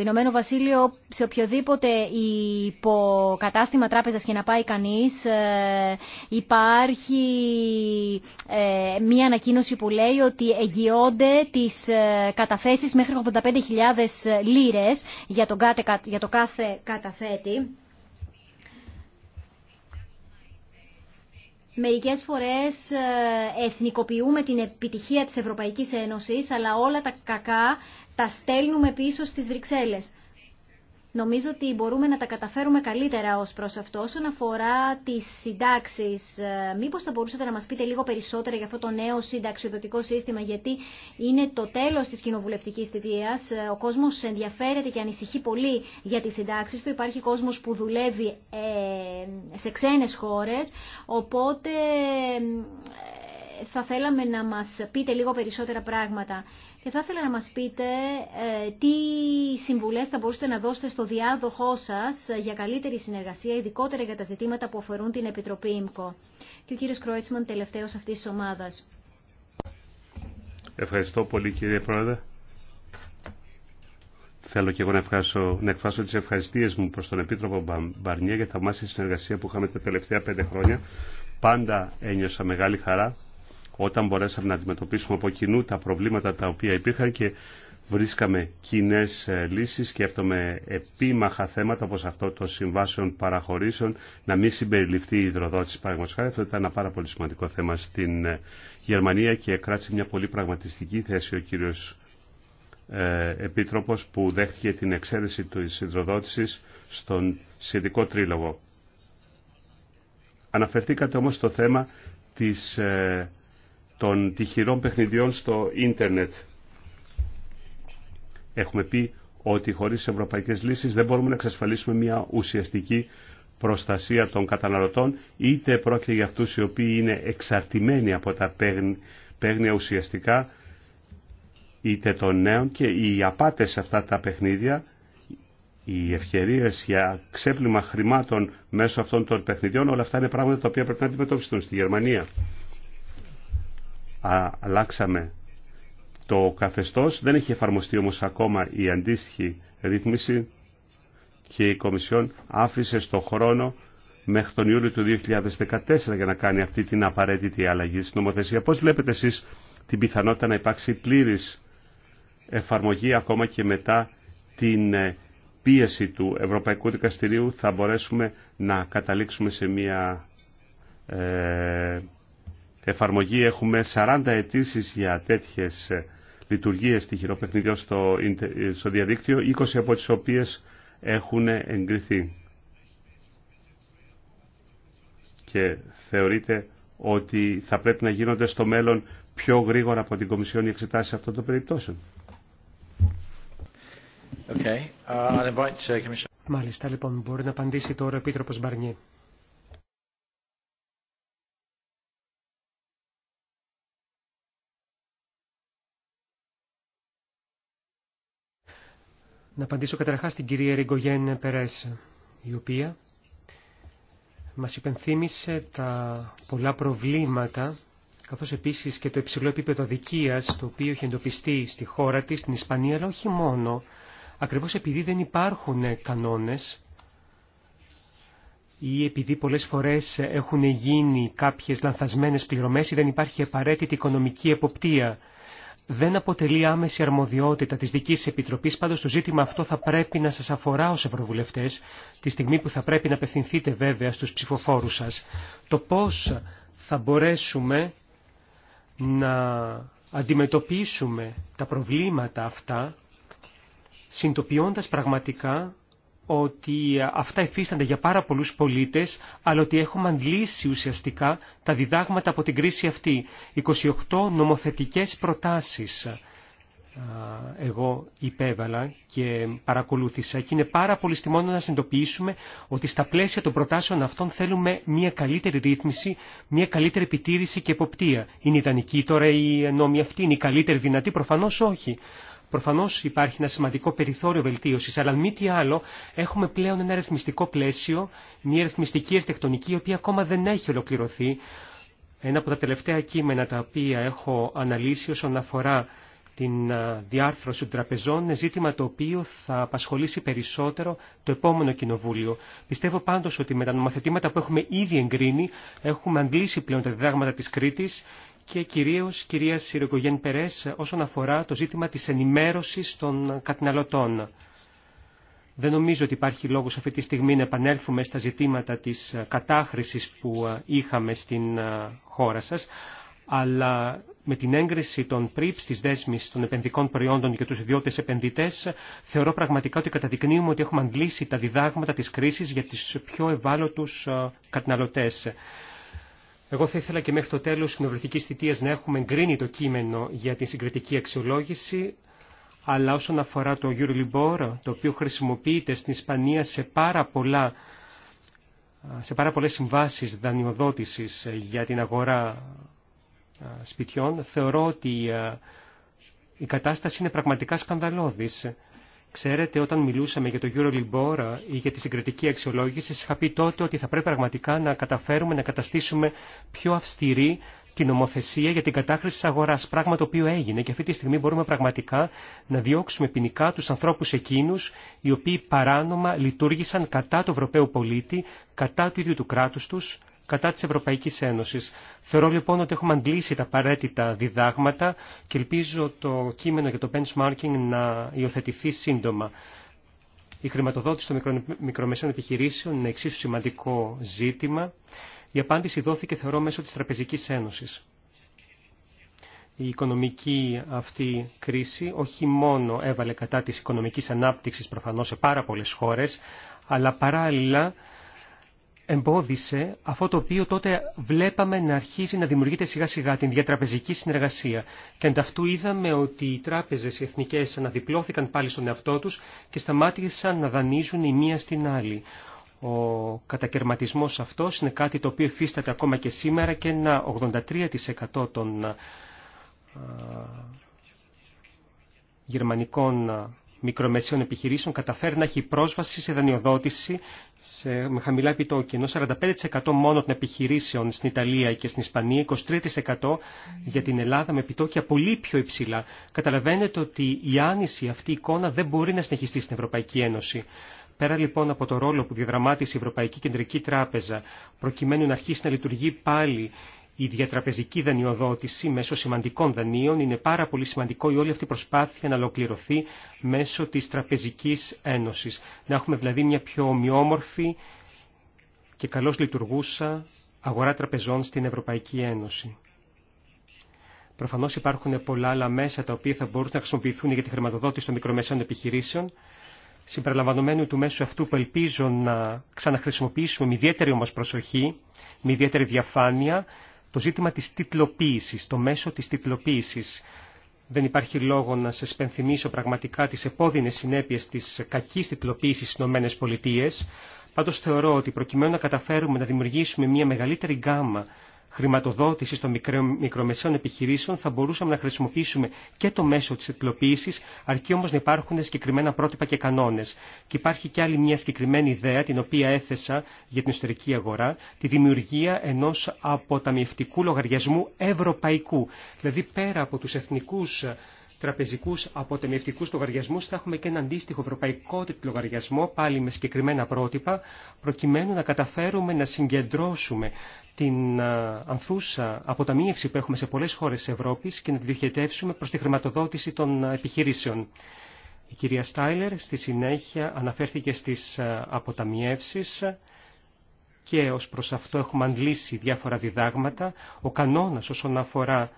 Ηνωμένο Βασίλειο σε οποιοδήποτε οποιοδήποτε υποκατάστημα τράπεζας και να πάει κανείς ε, υπάρχει ε, μία ανακοίνωση που λέει ότι εγγυώνται τις ε, καταθέσεις μέχρι 85.000 λίρες για, για το κάθε καταθέτη. Μερικές φορές εθνικοποιούμε την επιτυχία της Ευρωπαϊκής Ένωσης, αλλά όλα τα κακά τα στέλνουμε πίσω στις Βρυξέλλες. Νομίζω ότι μπορούμε να τα καταφέρουμε καλύτερα ως προς αυτό όσον αφορά τις συντάξεις. Ε, μήπως θα μπορούσατε να μας πείτε λίγο περισσότερα για αυτό το νέο συνταξιδοτικό σύστημα γιατί είναι το τέλος της κοινοβουλευτικής θητείας. Ε, ο κόσμος ενδιαφέρεται και ανησυχεί πολύ για τις συντάξεις του. Υπάρχει κόσμος που δουλεύει ε, σε ξένες χώρες οπότε θα θέλαμε να μας πείτε λίγο περισσότερα πράγματα. Και θα ήθελα να μας πείτε ε, τι συμβουλές θα μπορούσατε να δώσετε στο διάδοχό σας για καλύτερη συνεργασία, ειδικότερα για τα ζητήματα που αφορούν την Επιτροπή ΙΜΚΟ. Και ο κύριος Κρόετσμαν, τελευταίος αυτής της ομάδας. Ευχαριστώ πολύ κύριε Πρόεδρε. Θέλω και εγώ να, ευχάσω, να εκφράσω τις ευχαριστίες μου προς τον Επίτροπο Μπαρνιέ για τα μάση συνεργασία που είχαμε τα τελευταία πέντε χρόνια. Πάντα ένιωσα μεγάλη χαρά όταν μπορέσαμε να αντιμετωπίσουμε από κοινού τα προβλήματα τα οποία υπήρχαν και βρίσκαμε κοινέ ε, λύσεις. Σκέφτομαι επίμαχα θέματα όπως αυτό των συμβάσεων παραχωρήσεων, να μην συμπεριληφθεί η υδροδότηση παραγματικά. χάρη. Αυτό ήταν ένα πάρα πολύ σημαντικό θέμα στην ε, Γερμανία και κράτησε μια πολύ πραγματιστική θέση ο κύριο ε, Επίτροπος που δέχτηκε την εξαίρεση τη υδροδότηση στον σχετικό τρίλογο. Αναφερθήκατε όμως στο θέμα της ε, των τυχηρών παιχνιδιών στο ίντερνετ. Έχουμε πει ότι χωρίς ευρωπαϊκές λύσεις δεν μπορούμε να εξασφαλίσουμε μια ουσιαστική προστασία των καταναλωτών, είτε πρόκειται για αυτούς οι οποίοι είναι εξαρτημένοι από τα παίγνια ουσιαστικά, είτε των νέων και οι απάτες σε αυτά τα παιχνίδια, οι ευκαιρίε για ξέπλυμα χρημάτων μέσω αυτών των παιχνιδιών, όλα αυτά είναι πράγματα τα οποία πρέπει να αντιμετωπιστούν στη Γερμανία αλλάξαμε το καθεστώς. Δεν έχει εφαρμοστεί όμως ακόμα η αντίστοιχη ρύθμιση και η Κομισιόν άφησε στο χρόνο μέχρι τον Ιούλιο του 2014 για να κάνει αυτή την απαραίτητη αλλαγή στην νομοθεσία. Πώς βλέπετε εσείς την πιθανότητα να υπάρξει πλήρης εφαρμογή ακόμα και μετά την ε, πίεση του Ευρωπαϊκού Δικαστηρίου θα μπορέσουμε να καταλήξουμε σε μια ε, εφαρμογή έχουμε 40 αιτήσει για τέτοιες ε, λειτουργίες τυχηροπαιχνιδιών στο, ε, στο διαδίκτυο, 20 από τις οποίες έχουν εγκριθεί. Και θεωρείται ότι θα πρέπει να γίνονται στο μέλλον πιο γρήγορα από την Κομισιόν οι εξετάσει αυτών των περιπτώσεων. Okay. Uh, uh, Μάλιστα, λοιπόν, μπορεί να απαντήσει τώρα ο Επίτροπος Μπαρνιέ. Να απαντήσω καταρχάς στην κυρία Ριγκογέν Περές, η οποία μας υπενθύμησε τα πολλά προβλήματα, καθώς επίσης και το υψηλό επίπεδο αδικίας, το οποίο έχει εντοπιστεί στη χώρα της, στην Ισπανία, αλλά όχι μόνο, ακριβώς επειδή δεν υπάρχουν κανόνες ή επειδή πολλές φορές έχουν γίνει κάποιες λανθασμένες πληρωμές ή δεν υπάρχει απαραίτητη οικονομική εποπτεία δεν αποτελεί άμεση αρμοδιότητα της δικής επιτροπής, πάντως το ζήτημα αυτό θα πρέπει να σας αφορά ως ευρωβουλευτές, τη στιγμή που θα πρέπει να απευθυνθείτε βέβαια στους ψηφοφόρους σας. Το πώς θα μπορέσουμε να αντιμετωπίσουμε τα προβλήματα αυτά, συντοποιώντας πραγματικά ότι αυτά υφίστανται για πάρα πολλούς πολίτες, αλλά ότι έχουμε αντλήσει ουσιαστικά τα διδάγματα από την κρίση αυτή. 28 νομοθετικές προτάσεις εγώ υπέβαλα και παρακολούθησα και είναι πάρα πολύ στιμόνο να συνειδητοποιήσουμε ότι στα πλαίσια των προτάσεων αυτών θέλουμε μια καλύτερη ρύθμιση, μια καλύτερη επιτήρηση και εποπτεία. Είναι ιδανική τώρα η νόμη αυτή, είναι η καλύτερη δυνατή, προφανώς όχι. Προφανώ υπάρχει ένα σημαντικό περιθώριο βελτίωση, αλλά μη τι άλλο, έχουμε πλέον ένα ρυθμιστικό πλαίσιο, μια ρυθμιστική αρχιτεκτονική, η οποία ακόμα δεν έχει ολοκληρωθεί. Ένα από τα τελευταία κείμενα τα οποία έχω αναλύσει όσον αφορά την διάρθρωση των τραπεζών είναι ζήτημα το οποίο θα απασχολήσει περισσότερο το επόμενο κοινοβούλιο. Πιστεύω πάντως ότι με τα νομοθετήματα που έχουμε ήδη εγκρίνει έχουμε αντλήσει πλέον τα διδάγματα της Κρήτης και κυρίως κυρία Συρικογέν Περές όσον αφορά το ζήτημα της ενημέρωσης των καταναλωτών. Δεν νομίζω ότι υπάρχει λόγος αυτή τη στιγμή να επανέλθουμε στα ζητήματα της κατάχρησης που είχαμε στην χώρα σας, αλλά με την έγκριση των πρίψ της δέσμης των επενδυτικών προϊόντων και τους ιδιώτες επενδυτές, θεωρώ πραγματικά ότι καταδεικνύουμε ότι έχουμε αντλήσει τα διδάγματα της κρίσης για τις πιο ευάλωτους καταναλωτές. Εγώ θα ήθελα και μέχρι το τέλος της κοινοβουλευτικής θητείας να έχουμε εγκρίνει το κείμενο για την συγκριτική αξιολόγηση, αλλά όσον αφορά το Eurolibor, το οποίο χρησιμοποιείται στην Ισπανία σε πάρα πολλά σε πάρα πολλές συμβάσεις δανειοδότησης για την αγορά σπιτιών, θεωρώ ότι η κατάσταση είναι πραγματικά σκανδαλώδης. Ξέρετε, όταν μιλούσαμε για το Eurolibor ή για τη συγκριτική αξιολόγηση, είχα πει τότε ότι θα πρέπει πραγματικά να καταφέρουμε να καταστήσουμε πιο αυστηρή την νομοθεσία για την κατάχρηση τη αγορά. Πράγμα το οποίο έγινε και αυτή τη στιγμή μπορούμε πραγματικά να διώξουμε ποινικά του ανθρώπου εκείνου οι οποίοι παράνομα λειτουργήσαν κατά το Ευρωπαίου πολίτη, κατά του ίδιου του κράτου του κατά της Ευρωπαϊκής Ένωσης. Θεωρώ λοιπόν ότι έχουμε αντλήσει τα απαραίτητα διδάγματα και ελπίζω το κείμενο για το benchmarking να υιοθετηθεί σύντομα. Η χρηματοδότηση των μικρομεσαίων επιχειρήσεων είναι εξίσου σημαντικό ζήτημα. Η απάντηση δόθηκε θεωρώ μέσω της Τραπεζικής Ένωσης. Η οικονομική αυτή κρίση όχι μόνο έβαλε κατά της οικονομικής ανάπτυξης προφανώς σε πάρα πολλές χώρες, αλλά παράλληλα εμπόδισε αυτό το οποίο τότε βλέπαμε να αρχίζει να δημιουργείται σιγά σιγά την διατραπεζική συνεργασία. Και ανταυτού είδαμε ότι οι τράπεζες οι εθνικές αναδιπλώθηκαν πάλι στον εαυτό τους και σταμάτησαν να δανείζουν η μία στην άλλη. Ο κατακαιρματισμός αυτός είναι κάτι το οποίο υφίσταται ακόμα και σήμερα και ένα 83% των γερμανικών μικρομεσαίων επιχειρήσεων καταφέρει να έχει πρόσβαση σε δανειοδότηση σε, με χαμηλά επιτόκια. Ενώ 45% μόνο των επιχειρήσεων στην Ιταλία και στην Ισπανία, 23% για την Ελλάδα με επιτόκια πολύ πιο υψηλά. Καταλαβαίνετε ότι η άνηση αυτή η εικόνα δεν μπορεί να συνεχιστεί στην Ευρωπαϊκή Ένωση. Πέρα λοιπόν από το ρόλο που διαδραμάτισε η Ευρωπαϊκή Κεντρική Τράπεζα, προκειμένου να αρχίσει να λειτουργεί πάλι η διατραπεζική δανειοδότηση μέσω σημαντικών δανείων είναι πάρα πολύ σημαντικό η όλη αυτή η προσπάθεια να ολοκληρωθεί μέσω της Τραπεζικής Ένωσης. Να έχουμε δηλαδή μια πιο ομοιόμορφη και καλώς λειτουργούσα αγορά τραπεζών στην Ευρωπαϊκή Ένωση. Προφανώς υπάρχουν πολλά άλλα μέσα τα οποία θα μπορούσαν να χρησιμοποιηθούν για τη χρηματοδότηση των μικρομεσαίων επιχειρήσεων, συμπεριλαμβανομένου του μέσου αυτού που ελπίζω να ξαναχρησιμοποιήσουμε με ιδιαίτερη όμως προσοχή, με ιδιαίτερη διαφάνεια, το ζήτημα της τιτλοποίησης, το μέσο της τιτλοποίησης. Δεν υπάρχει λόγο να σας πενθυμίσω πραγματικά τις επώδυνες συνέπειες της κακής τιτλοποίησης στις ΗΠΑ. Πάντως θεωρώ ότι προκειμένου να καταφέρουμε να δημιουργήσουμε μια μεγαλύτερη γκάμα Χρηματοδότηση των μικρομεσαίων επιχειρήσεων θα μπορούσαμε να χρησιμοποιήσουμε και το μέσο τη εκπλοποίηση, αρκεί όμω να υπάρχουν συγκεκριμένα πρότυπα και κανόνε. Και υπάρχει και άλλη μια συγκεκριμένη ιδέα, την οποία έθεσα για την ιστορική αγορά, τη δημιουργία ενό αποταμιευτικού λογαριασμού ευρωπαϊκού. Δηλαδή πέρα από του εθνικού ε, τραπεζικού αποταμιευτικού λογαριασμού, θα έχουμε και ένα αντίστοιχο ευρωπαϊκό λογαριασμό, πάλι με συγκεκριμένα πρότυπα, προκειμένου να καταφέρουμε να συγκεντρώσουμε την ανθούσα αποταμίευση που έχουμε σε πολλές χώρες της Ευρώπης και να τη διοχετεύσουμε προς τη χρηματοδότηση των επιχειρήσεων. Η κυρία Στάιλερ στη συνέχεια αναφέρθηκε στις αποταμιεύσεις και ως προς αυτό έχουμε αντλήσει διάφορα διδάγματα. Ο κανόνας όσον αφορά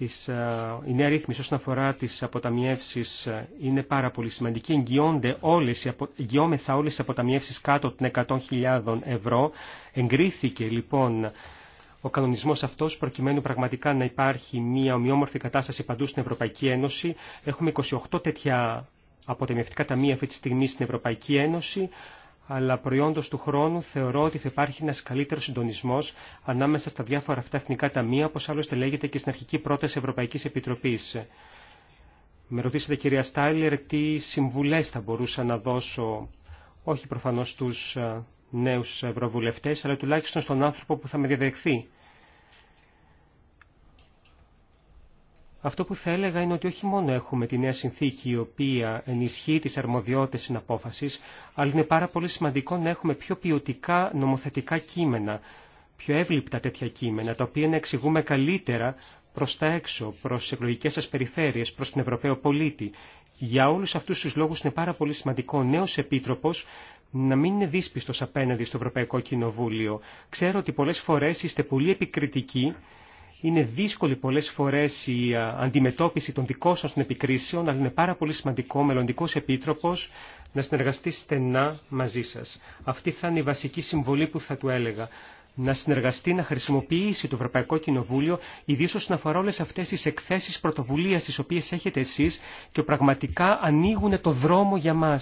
της, ε, η νέα ρύθμιση όσον αφορά τις αποταμιεύσεις ε, είναι πάρα πολύ σημαντική. Εγγυώνται όλες, εγγυώμεθα όλες τις αποταμιεύσεις κάτω των 100.000 ευρώ. Εγκρίθηκε λοιπόν ο κανονισμός αυτός προκειμένου πραγματικά να υπάρχει μια ομοιόμορφη κατάσταση παντού στην Ευρωπαϊκή Ένωση. Έχουμε 28 τέτοια αποταμιευτικά ταμεία αυτή τη στιγμή στην Ευρωπαϊκή Ένωση αλλά προϊόντος του χρόνου θεωρώ ότι θα υπάρχει ένας καλύτερος συντονισμός ανάμεσα στα διάφορα αυτά εθνικά ταμεία, όπως άλλωστε λέγεται και στην αρχική πρόταση Ευρωπαϊκής Επιτροπής. Με ρωτήσατε κυρία Στάιλερ τι συμβουλές θα μπορούσα να δώσω, όχι προφανώς στους ε, νέους ευρωβουλευτές, αλλά τουλάχιστον στον άνθρωπο που θα με διαδεχθεί Αυτό που θα έλεγα είναι ότι όχι μόνο έχουμε τη νέα συνθήκη η οποία ενισχύει τις αρμοδιότητες συναπόφασης, αλλά είναι πάρα πολύ σημαντικό να έχουμε πιο ποιοτικά νομοθετικά κείμενα, πιο εύληπτα τέτοια κείμενα, τα οποία να εξηγούμε καλύτερα προς τα έξω, προς τις εκλογικές σας περιφέρειες, προς τον Ευρωπαίο πολίτη. Για όλους αυτούς τους λόγους είναι πάρα πολύ σημαντικό ο νέος επίτροπος να μην είναι δύσπιστος απέναντι στο Ευρωπαϊκό Κοινοβούλιο. Ξέρω ότι πολλές φορές είστε πολύ επικριτικοί είναι δύσκολη πολλές φορές η αντιμετώπιση των δικών σας των επικρίσεων, αλλά είναι πάρα πολύ σημαντικό ο μελλοντικός επίτροπος να συνεργαστεί στενά μαζί σας. Αυτή θα είναι η βασική συμβολή που θα του έλεγα. Να συνεργαστεί, να χρησιμοποιήσει το Ευρωπαϊκό Κοινοβούλιο, ιδίως όσον αφορά όλε αυτέ τι εκθέσει πρωτοβουλία τι οποίε έχετε εσείς και πραγματικά ανοίγουν το δρόμο για μα.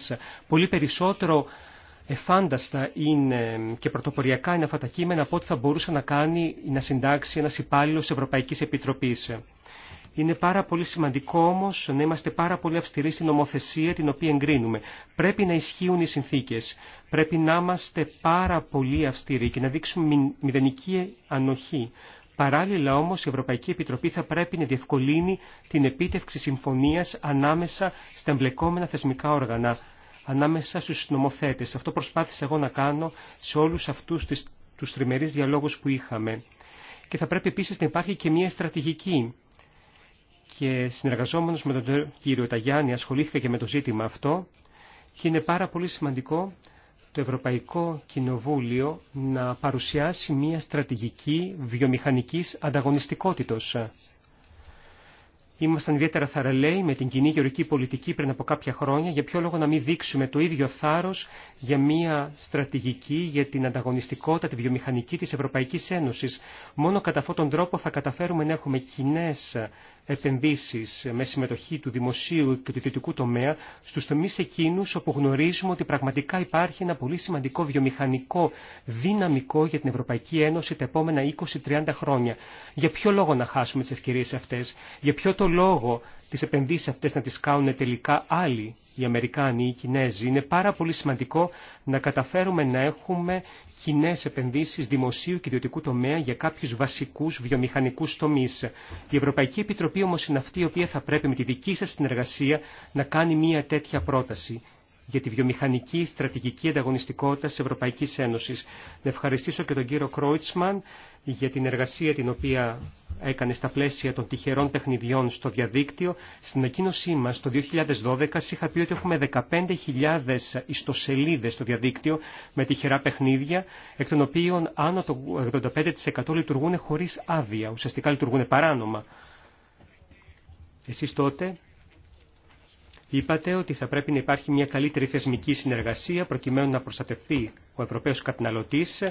Πολύ περισσότερο εφάνταστα είναι και πρωτοποριακά είναι αυτά τα κείμενα από ό,τι θα μπορούσε να κάνει να συντάξει ένας υπάλληλο Ευρωπαϊκής Επιτροπής. Είναι πάρα πολύ σημαντικό όμω να είμαστε πάρα πολύ αυστηροί στην νομοθεσία την οποία εγκρίνουμε. Πρέπει να ισχύουν οι συνθήκε. Πρέπει να είμαστε πάρα πολύ αυστηροί και να δείξουμε μηδενική ανοχή. Παράλληλα όμω η Ευρωπαϊκή Επιτροπή θα πρέπει να διευκολύνει την επίτευξη συμφωνία ανάμεσα στα εμπλεκόμενα θεσμικά όργανα ανάμεσα στους νομοθέτες. Αυτό προσπάθησα εγώ να κάνω σε όλους αυτούς τους τριμερείς διαλόγους που είχαμε. Και θα πρέπει επίσης να υπάρχει και μια στρατηγική. Και συνεργαζόμενος με τον κύριο Ταγιάννη ασχολήθηκα και με το ζήτημα αυτό και είναι πάρα πολύ σημαντικό το Ευρωπαϊκό Κοινοβούλιο να παρουσιάσει μια στρατηγική βιομηχανικής ανταγωνιστικότητος. Ήμασταν ιδιαίτερα θαραλέοι με την κοινή γεωρική πολιτική πριν από κάποια χρόνια. Για ποιο λόγο να μην δείξουμε το ίδιο θάρρο για μια στρατηγική για την ανταγωνιστικότητα, τη βιομηχανική τη Ευρωπαϊκή Ένωση. Μόνο κατά αυτόν τον τρόπο θα καταφέρουμε να έχουμε κοινέ επενδύσει με συμμετοχή του δημοσίου και του ιδιωτικού τομέα στους τομεί εκείνους όπου γνωρίζουμε ότι πραγματικά υπάρχει ένα πολύ σημαντικό βιομηχανικό δυναμικό για την Ευρωπαϊκή Ένωση τα επόμενα 20-30 χρόνια. Για ποιο λόγο να χάσουμε τις ευκαιρίε αυτές, για ποιο το λόγο τις επενδύσεις αυτές να τις κάνουν τελικά άλλοι, οι Αμερικάνοι ή οι Κινέζοι. Είναι πάρα πολύ σημαντικό να καταφέρουμε να έχουμε κοινέ επενδύσεις δημοσίου και ιδιωτικού τομέα για κάποιους βασικούς βιομηχανικούς τομείς. Η Ευρωπαϊκή Επιτροπή όμως είναι αυτή η οποία θα πρέπει με τη δική σας συνεργασία να κάνει μια τέτοια πρόταση για τη βιομηχανική στρατηγική ανταγωνιστικότητα της Ευρωπαϊκής Ένωσης. Να ευχαριστήσω και τον κύριο Κρόιτσμαν για την εργασία την οποία έκανε στα πλαίσια των τυχερών παιχνιδιών στο διαδίκτυο. Στην ανακοίνωσή μα το 2012 είχα πει ότι έχουμε 15.000 ιστοσελίδες στο διαδίκτυο με τυχερά παιχνίδια, εκ των οποίων άνω το 85% λειτουργούν χωρίς άδεια, ουσιαστικά λειτουργούν παράνομα. Εσείς τότε Είπατε ότι θα πρέπει να υπάρχει μια καλύτερη θεσμική συνεργασία προκειμένου να προστατευτεί ο Ευρωπαίος καταναλωτής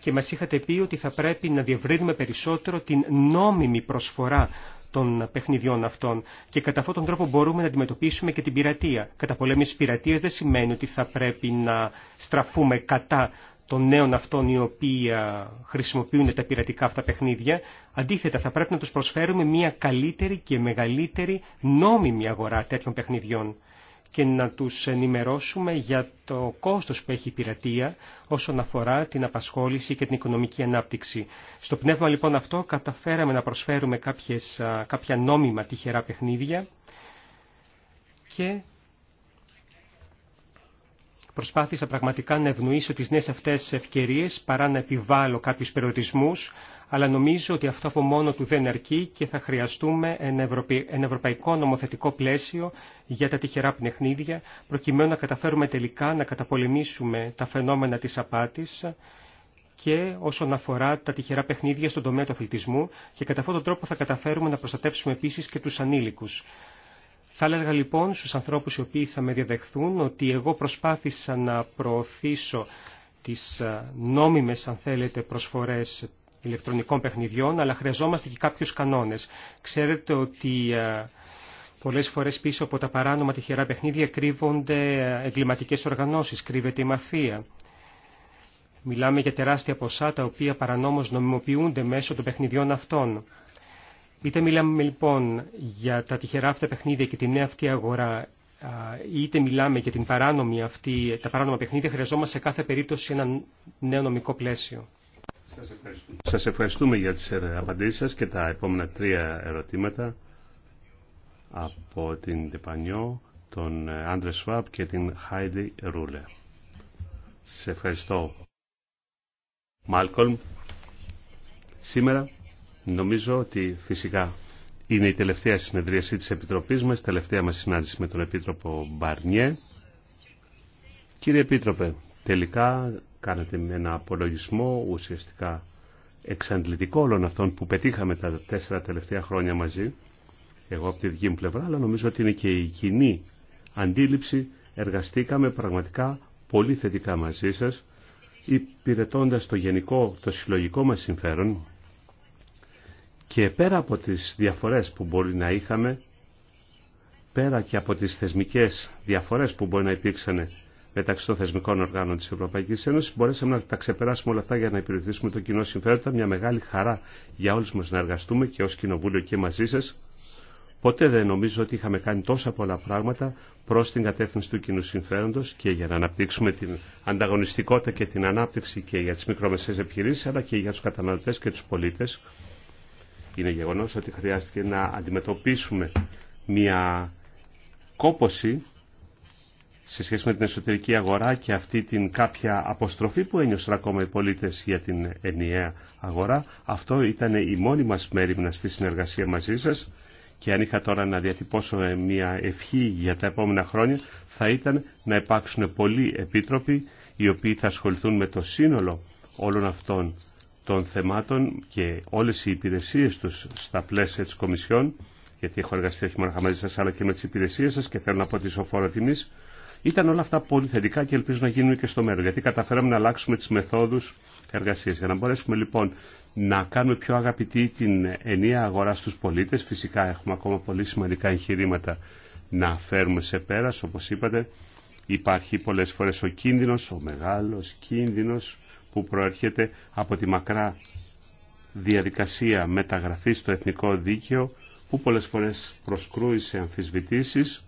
και μας είχατε πει ότι θα πρέπει να διευρύνουμε περισσότερο την νόμιμη προσφορά των παιχνιδιών αυτών και κατά αυτόν τον τρόπο μπορούμε να αντιμετωπίσουμε και την πειρατεία. Κατά πολέμηση πειρατείας δεν σημαίνει ότι θα πρέπει να στραφούμε κατά των νέων αυτών οι οποίοι χρησιμοποιούν τα πειρατικά αυτά παιχνίδια. Αντίθετα, θα πρέπει να τους προσφέρουμε μια καλύτερη και μεγαλύτερη νόμιμη αγορά τέτοιων παιχνιδιών και να τους ενημερώσουμε για το κόστος που έχει η πειρατεία όσον αφορά την απασχόληση και την οικονομική ανάπτυξη. Στο πνεύμα λοιπόν αυτό καταφέραμε να προσφέρουμε κάποιες, κάποια νόμιμα τυχερά παιχνίδια και Προσπάθησα πραγματικά να ευνοήσω τις νέες αυτές ευκαιρίες παρά να επιβάλλω κάποιους περιορισμούς, αλλά νομίζω ότι αυτό από μόνο του δεν αρκεί και θα χρειαστούμε ένα ευρωπαϊκό νομοθετικό πλαίσιο για τα τυχερά πνεχνίδια, προκειμένου να καταφέρουμε τελικά να καταπολεμήσουμε τα φαινόμενα της απάτης και όσον αφορά τα τυχερά παιχνίδια στον τομέα του αθλητισμού και κατά αυτόν τον τρόπο θα καταφέρουμε να προστατεύσουμε επίσης και τους ανήλικους. Θα έλεγα λοιπόν στους ανθρώπους οι οποίοι θα με διαδεχθούν ότι εγώ προσπάθησα να προωθήσω τις ε, νόμιμες αν θέλετε προσφορές ηλεκτρονικών παιχνιδιών, αλλά χρειαζόμαστε και κάποιους κανόνες. Ξέρετε ότι ε, πολλές φορές πίσω από τα παράνομα τυχερά παιχνίδια κρύβονται ε, εγκληματικές οργανώσεις, κρύβεται η μαφία. Μιλάμε για τεράστια ποσά τα οποία παρανόμως νομιμοποιούνται μέσω των παιχνιδιών αυτών. Είτε μιλάμε λοιπόν για τα τυχερά αυτά παιχνίδια και τη νέα αυτή αγορά, είτε μιλάμε για την παράνομη αυτή, τα παράνομα παιχνίδια, χρειαζόμαστε σε κάθε περίπτωση ένα νέο νομικό πλαίσιο. Σας ευχαριστούμε, για τις ε, απαντήσεις σας και τα επόμενα τρία ερωτήματα από την Τεπανιό, τον ε, Άντρε Σουάπ και την Χάιντι Ρούλε. Σε ευχαριστώ. Μάλκολμ, σήμερα Νομίζω ότι φυσικά είναι η τελευταία συνεδρίαση της Επιτροπής μας, τελευταία μας συνάντηση με τον Επίτροπο Μπαρνιέ. Κύριε Επίτροπε, τελικά κάνατε ένα απολογισμό ουσιαστικά εξαντλητικό όλων αυτών που πετύχαμε τα τέσσερα τελευταία χρόνια μαζί, εγώ από τη δική μου πλευρά, αλλά νομίζω ότι είναι και η κοινή αντίληψη. Εργαστήκαμε πραγματικά πολύ θετικά μαζί σας, υπηρετώντα το γενικό, το συλλογικό μας συμφέρον, και πέρα από τις διαφορές που μπορεί να είχαμε, πέρα και από τις θεσμικές διαφορές που μπορεί να υπήρξαν μεταξύ των θεσμικών οργάνων της Ευρωπαϊκής Ένωσης, μπορέσαμε να τα ξεπεράσουμε όλα αυτά για να υπηρετήσουμε το κοινό συμφέρον. μια μεγάλη χαρά για όλους μας να εργαστούμε και ως Κοινοβούλιο και μαζί σας. Ποτέ δεν νομίζω ότι είχαμε κάνει τόσα πολλά πράγματα προς την κατεύθυνση του κοινού συμφέροντος και για να αναπτύξουμε την ανταγωνιστικότητα και την ανάπτυξη και για τις μικρομεσαίες επιχειρήσεις αλλά και για τους καταναλωτές και τους πολίτες είναι γεγονός ότι χρειάστηκε να αντιμετωπίσουμε μια κόποση σε σχέση με την εσωτερική αγορά και αυτή την κάποια αποστροφή που ένιωσαν ακόμα οι πολίτες για την ενιαία αγορά. Αυτό ήταν η μόνη μας μέρημνα στη συνεργασία μαζί σας και αν είχα τώρα να διατυπώσω ε, μια ευχή για τα επόμενα χρόνια θα ήταν να υπάρξουν πολλοί επίτροποι οι οποίοι θα ασχοληθούν με το σύνολο όλων αυτών των θεμάτων και όλες οι υπηρεσίες τους στα πλαίσια της Κομισιόν, γιατί έχω εργαστεί όχι μόνο μαζί σας αλλά και με τις υπηρεσίες σας και θέλω να πω ότι σοφόρα τιμής, ήταν όλα αυτά πολύ θετικά και ελπίζω να γίνουν και στο μέλλον, γιατί καταφέραμε να αλλάξουμε τις μεθόδους εργασίας. Για να μπορέσουμε λοιπόν να κάνουμε πιο αγαπητή την ενία αγορά στους πολίτες, φυσικά έχουμε ακόμα πολύ σημαντικά εγχειρήματα να φέρουμε σε πέρας, όπως είπατε, υπάρχει πολλές φορές ο κίνδυνος, ο μεγάλος κίνδυνος που προέρχεται από τη μακρά διαδικασία μεταγραφής στο εθνικό δίκαιο που πολλές φορές προσκρούει σε αμφισβητήσεις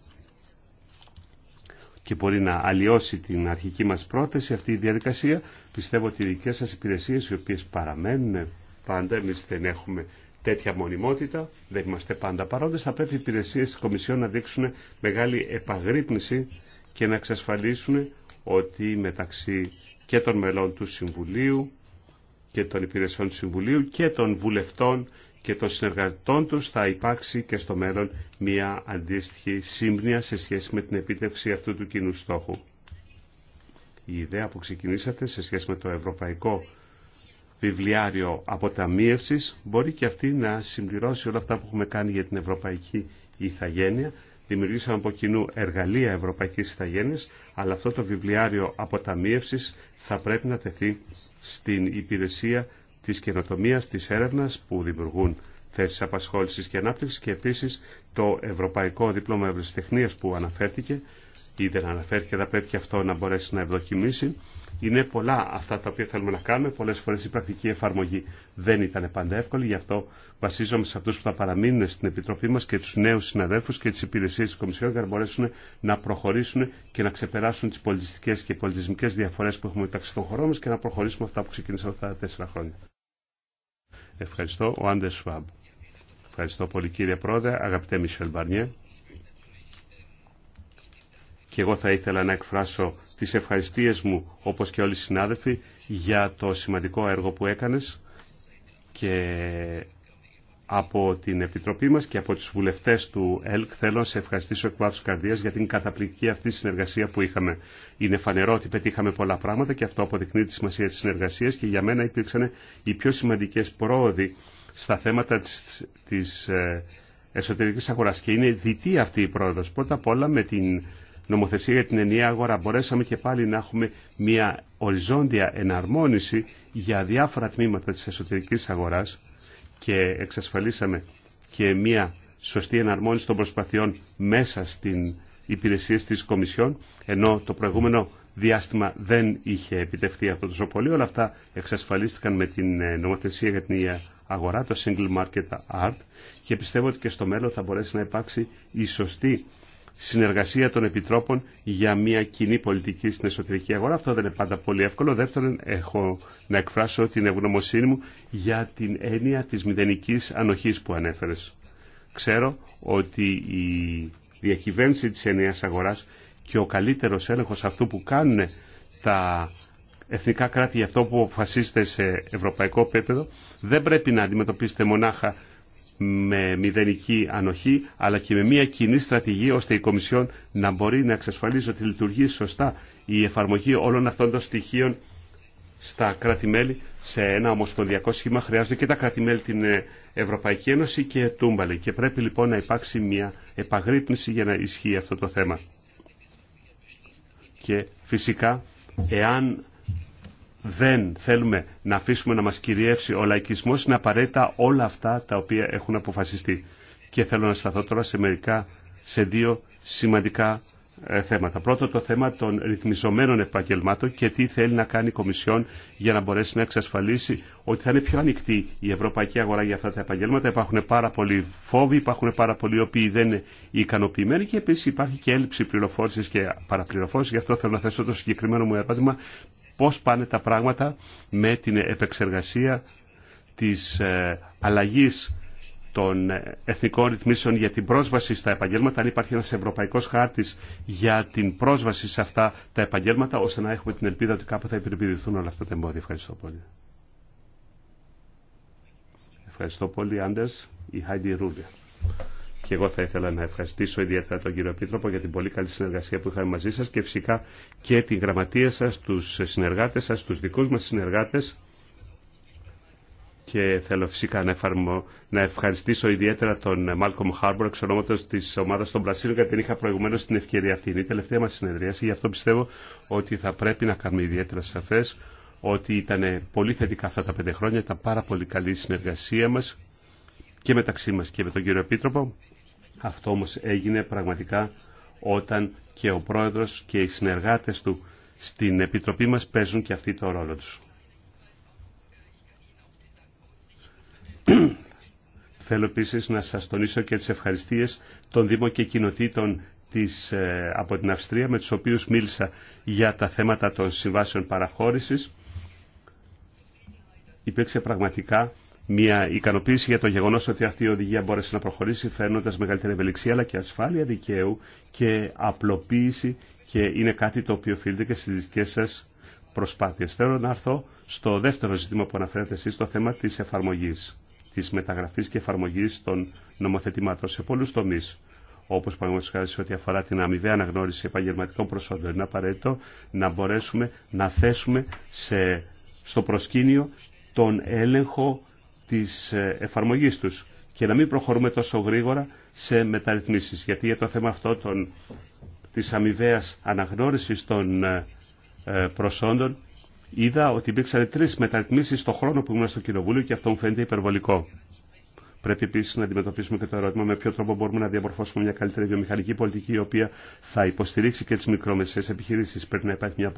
και μπορεί να αλλοιώσει την αρχική μας πρόθεση αυτή η διαδικασία. Πιστεύω ότι οι δικές σας υπηρεσίες οι οποίες παραμένουν πάντα, εμείς δεν έχουμε τέτοια μονιμότητα, δεν είμαστε πάντα παρόντες, θα πρέπει οι υπηρεσίες της Κομισιόν να δείξουν μεγάλη επαγρύπνηση και να εξασφαλίσουν ότι μεταξύ και των μελών του Συμβουλίου και των υπηρεσιών του Συμβουλίου και των βουλευτών και των συνεργατών τους θα υπάρξει και στο μέλλον μια αντίστοιχη σύμπνοια σε σχέση με την επίτευξη αυτού του κοινού στόχου. Η ιδέα που ξεκινήσατε σε σχέση με το Ευρωπαϊκό Βιβλιάριο Αποταμίευσης μπορεί και αυτή να συμπληρώσει όλα αυτά που έχουμε κάνει για την Ευρωπαϊκή Ιθαγένεια δημιουργήσαμε από κοινού εργαλεία ευρωπαϊκής ηθαγένειας, αλλά αυτό το βιβλιάριο αποταμίευσης θα πρέπει να τεθεί στην υπηρεσία της καινοτομίας, της έρευνας που δημιουργούν θέσεις απασχόλησης και ανάπτυξης και επίσης το Ευρωπαϊκό Δίπλωμα Ευρεσιτεχνίας που αναφέρθηκε ή δεν αναφέρθηκε, θα πρέπει και αυτό να μπορέσει να ευδοκιμήσει είναι πολλά αυτά τα οποία θέλουμε να κάνουμε. Πολλές φορές η πρακτική εφαρμογή δεν ήταν πάντα εύκολη. Γι' αυτό βασίζομαι σε αυτούς που θα παραμείνουν στην Επιτροπή μας και τους νέους συναδέλφους και τις υπηρεσίες της Κομισιόν για να μπορέσουν να προχωρήσουν και να ξεπεράσουν τις πολιτιστικές και πολιτισμικές διαφορές που έχουμε μεταξύ των χωρών μας και να προχωρήσουμε αυτά που ξεκίνησαν αυτά τα τέσσερα χρόνια. Ευχαριστώ. Ο Άντερ Φαμπ Ευχαριστώ πολύ κύριε Πρόεδρε, αγαπητέ Μισελ Μπαρνιέ. Και εγώ θα ήθελα να εκφράσω τις ευχαριστίες μου, όπως και όλοι οι συνάδελφοι, για το σημαντικό έργο που έκανες και από την Επιτροπή μας και από τους βουλευτές του ΕΛΚ θέλω να σε ευχαριστήσω εκ βάθους καρδίας για την καταπληκτική αυτή συνεργασία που είχαμε. Είναι φανερό ότι πετύχαμε πολλά πράγματα και αυτό αποδεικνύει τη σημασία της συνεργασίας και για μένα υπήρξαν οι πιο σημαντικές πρόοδοι στα θέματα της, της ε, εσωτερικής αγοράς και είναι δυτή αυτή η πρόοδος. Πρώτα απ' όλα με την νομοθεσία για την ενιαία αγορά μπορέσαμε και πάλι να έχουμε μια οριζόντια εναρμόνιση για διάφορα τμήματα της εσωτερικής αγοράς και εξασφαλίσαμε και μια σωστή εναρμόνιση των προσπαθειών μέσα στην υπηρεσία της Κομισιόν, ενώ το προηγούμενο διάστημα δεν είχε επιτευχθεί αυτό τόσο πολύ. Όλα αυτά εξασφαλίστηκαν με την ε, νομοθεσία για την αγορά, το Single Market Art και πιστεύω ότι και στο μέλλον θα μπορέσει να υπάρξει η σωστή συνεργασία των επιτρόπων για μια κοινή πολιτική στην εσωτερική αγορά. Αυτό δεν είναι πάντα πολύ εύκολο. Δεύτερον, έχω να εκφράσω την ευγνωμοσύνη μου για την έννοια της μηδενικής ανοχής που ανέφερες. Ξέρω ότι η διακυβέρνηση της ενιαίας αγοράς και ο καλύτερος έλεγχος αυτού που κάνουν τα εθνικά κράτη για αυτό που αποφασίζεται σε ευρωπαϊκό επίπεδο δεν πρέπει να αντιμετωπίσετε μονάχα με μηδενική ανοχή, αλλά και με μια κοινή στρατηγία ώστε η Κομισιόν να μπορεί να εξασφαλίζει ότι λειτουργεί σωστά η εφαρμογή όλων αυτών των στοιχείων στα κράτη-μέλη σε ένα ομοσπονδιακό σχήμα χρειάζονται και τα κράτη-μέλη την ε, Ευρωπαϊκή Ένωση και τούμπαλη. Και πρέπει λοιπόν να υπάρξει μια επαγρύπνηση για να ισχύει αυτό το θέμα. Και φυσικά, εάν δεν θέλουμε να αφήσουμε να μας κυριεύσει ο λαϊκισμός, είναι απαραίτητα όλα αυτά τα οποία έχουν αποφασιστεί. Και θέλω να σταθώ τώρα σε μερικά, σε δύο σημαντικά ε, θέματα. Πρώτο το θέμα των ρυθμιζομένων επαγγελμάτων και τι θέλει να κάνει η Κομισιόν για να μπορέσει να εξασφαλίσει ότι θα είναι πιο ανοιχτή η ευρωπαϊκή αγορά για αυτά τα επαγγέλματα. Υπάρχουν πάρα πολλοί φόβοι, υπάρχουν πάρα πολλοί οι οποίοι δεν είναι ικανοποιημένοι και επίση υπάρχει και έλλειψη πληροφόρηση και παραπληροφόρηση. Γι' αυτό θέλω να θέσω το συγκεκριμένο μου ερώτημα πώς πάνε τα πράγματα με την επεξεργασία της ε, αλλαγής των ε, εθνικών ρυθμίσεων για την πρόσβαση στα επαγγέλματα, αν υπάρχει ένας ευρωπαϊκός χάρτης για την πρόσβαση σε αυτά τα επαγγέλματα, ώστε να έχουμε την ελπίδα ότι κάπου θα υπηρεπιδηθούν όλα αυτά τα εμπόδια. Ευχαριστώ πολύ. Ευχαριστώ πολύ, Άντες, η Χάιντι Ρούλια και εγώ θα ήθελα να ευχαριστήσω ιδιαίτερα τον κύριο Επίτροπο για την πολύ καλή συνεργασία που είχαμε μαζί σας και φυσικά και την γραμματεία σας, τους συνεργάτες σας, τους δικούς μας συνεργάτες και θέλω φυσικά να, εφαρμο... να ευχαριστήσω ιδιαίτερα τον Μάλκομ Χάρμπορ, εξ ονόματο τη ομάδα των Πλασίλων, γιατί την είχα προηγουμένω την ευκαιρία αυτή. Είναι η τελευταία μα συνεδρίαση, γι' αυτό πιστεύω ότι θα πρέπει να κάνουμε ιδιαίτερα σαφέ ότι ήταν πολύ θετικά αυτά τα πέντε χρόνια, ήταν πάρα πολύ καλή η συνεργασία μα και μεταξύ μα και με τον κύριο Επίτροπο. Αυτό όμως έγινε πραγματικά όταν και ο πρόεδρος και οι συνεργάτες του στην Επιτροπή μας παίζουν και αυτοί το ρόλο τους. Θέλω επίση να σας τονίσω και τις ευχαριστίες των Δήμων και Κοινοτήτων της, ε, από την Αυστρία με τους οποίους μίλησα για τα θέματα των συμβάσεων παραχώρησης. Υπήρξε πραγματικά μια ικανοποίηση για το γεγονό ότι αυτή η οδηγία μπόρεσε να προχωρήσει φέρνοντα μεγαλύτερη ευελιξία αλλά και ασφάλεια δικαίου και απλοποίηση και είναι κάτι το οποίο οφείλεται και στι δικέ σα προσπάθειε. Θέλω να έρθω στο δεύτερο ζήτημα που αναφέρατε εσεί, το θέμα τη εφαρμογή, τη μεταγραφή και εφαρμογή των νομοθετημάτων σε πολλού τομεί. Όπω παραδείγματο χάρη σε ό,τι αφορά την αμοιβαία αναγνώριση επαγγελματικών προσόντων, είναι απαραίτητο να μπορέσουμε να θέσουμε σε, στο προσκήνιο τον έλεγχο της ε, εφαρμογής τους και να μην προχωρούμε τόσο γρήγορα σε μεταρρυθμίσεις. Γιατί για το θέμα αυτό των, της αμοιβαία αναγνώρισης των ε, ε, προσόντων είδα ότι υπήρξαν τρεις μεταρρυθμίσεις στο χρόνο που ήμουν στο Κοινοβούλιο και αυτό μου φαίνεται υπερβολικό. Πρέπει επίση να αντιμετωπίσουμε και το ερώτημα με ποιο τρόπο μπορούμε να διαμορφώσουμε μια καλύτερη βιομηχανική πολιτική η οποία θα υποστηρίξει και τι μικρομεσαίε επιχειρήσει. Πρέπει να υπάρχει μια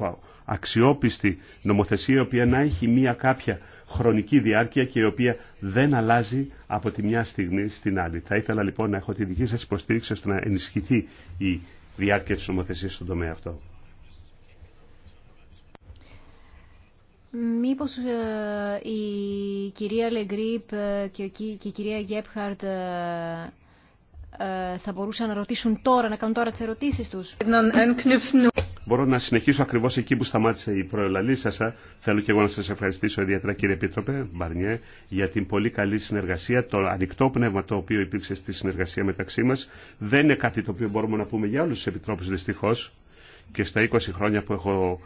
αξιόπιστη νομοθεσία η οποία να έχει μια κάποια χρονική διάρκεια και η οποία δεν αλλάζει από τη μια στιγμή στην άλλη. Θα ήθελα λοιπόν να έχω τη δική σα υποστήριξη ώστε να ενισχυθεί η διάρκεια τη νομοθεσία στον τομέα αυτό. Μήπως ε, η κυρία Λεγκρίπ ε, και η κυρία Γκέπχαρτ ε, θα μπορούσαν να ρωτήσουν τώρα, να κάνουν τώρα τις ερωτήσεις τους. Μπορώ να συνεχίσω ακριβώς εκεί που σταμάτησε η προελαλή σας. Θέλω και εγώ να σας ευχαριστήσω ιδιαίτερα κύριε Επίτροπε Μπαρνιέ για την πολύ καλή συνεργασία, το ανοιχτό πνεύμα το οποίο υπήρξε στη συνεργασία μεταξύ μας. Δεν είναι κάτι το οποίο μπορούμε να πούμε για όλους τους επιτρόπους δυστυχώς και στα 20 χρόνια που έχω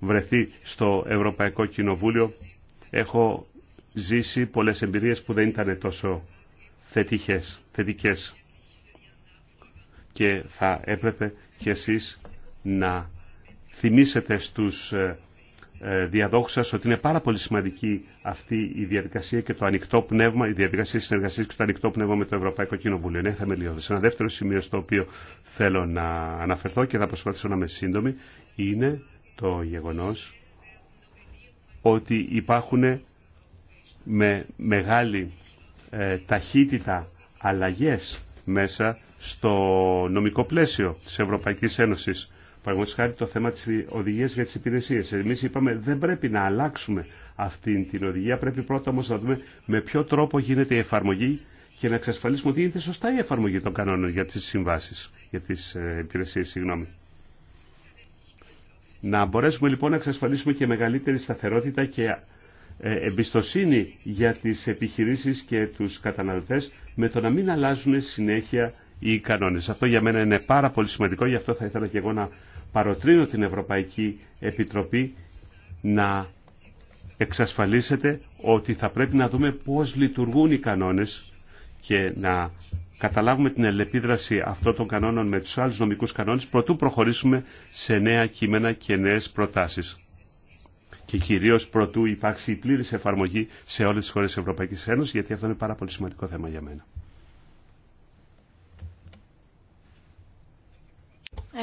βρεθεί στο Ευρωπαϊκό Κοινοβούλιο έχω ζήσει πολλές εμπειρίες που δεν ήταν τόσο θετικές. θετικές. Και θα έπρεπε κι εσείς να θυμίσετε στους ε, ε, διαδόχους ότι είναι πάρα πολύ σημαντική αυτή η διαδικασία και το ανοιχτό πνεύμα, η διαδικασία συνεργασίας και το ανοιχτό πνεύμα με το Ευρωπαϊκό Κοινοβούλιο. Είναι θεμελιώδες. Ένα δεύτερο σημείο στο οποίο θέλω να αναφερθώ και θα προσπαθήσω να είμαι σύντομη είναι το γεγονός ότι υπάρχουν με μεγάλη ε, ταχύτητα αλλαγές μέσα στο νομικό πλαίσιο της Ευρωπαϊκής Ένωσης. Παραγωγή, χάρη το θέμα της οδηγίας για τις υπηρεσίες. Εμείς είπαμε δεν πρέπει να αλλάξουμε αυτή την οδηγία. Πρέπει πρώτα όμως να δούμε με ποιο τρόπο γίνεται η εφαρμογή και να εξασφαλίσουμε ότι γίνεται σωστά η εφαρμογή των κανόνων για τις συμβάσει, για ε, υπηρεσίε, συγγνώμη. Να μπορέσουμε λοιπόν να εξασφαλίσουμε και μεγαλύτερη σταθερότητα και ε, εμπιστοσύνη για τις επιχειρήσεις και τους καταναλωτές με το να μην αλλάζουν συνέχεια οι κανόνες. Αυτό για μένα είναι πάρα πολύ σημαντικό, γι' αυτό θα ήθελα και εγώ να παροτρύνω την Ευρωπαϊκή Επιτροπή να εξασφαλίσετε ότι θα πρέπει να δούμε πώς λειτουργούν οι κανόνες και να καταλάβουμε την ελεπίδραση αυτών των κανόνων με τους άλλους νομικούς κανόνες προτού προχωρήσουμε σε νέα κείμενα και νέες προτάσεις. Και κυρίως προτού υπάρξει η πλήρης εφαρμογή σε όλες τις χώρες της Ευρωπαϊκής Ένωσης, γιατί αυτό είναι πάρα πολύ σημαντικό θέμα για μένα.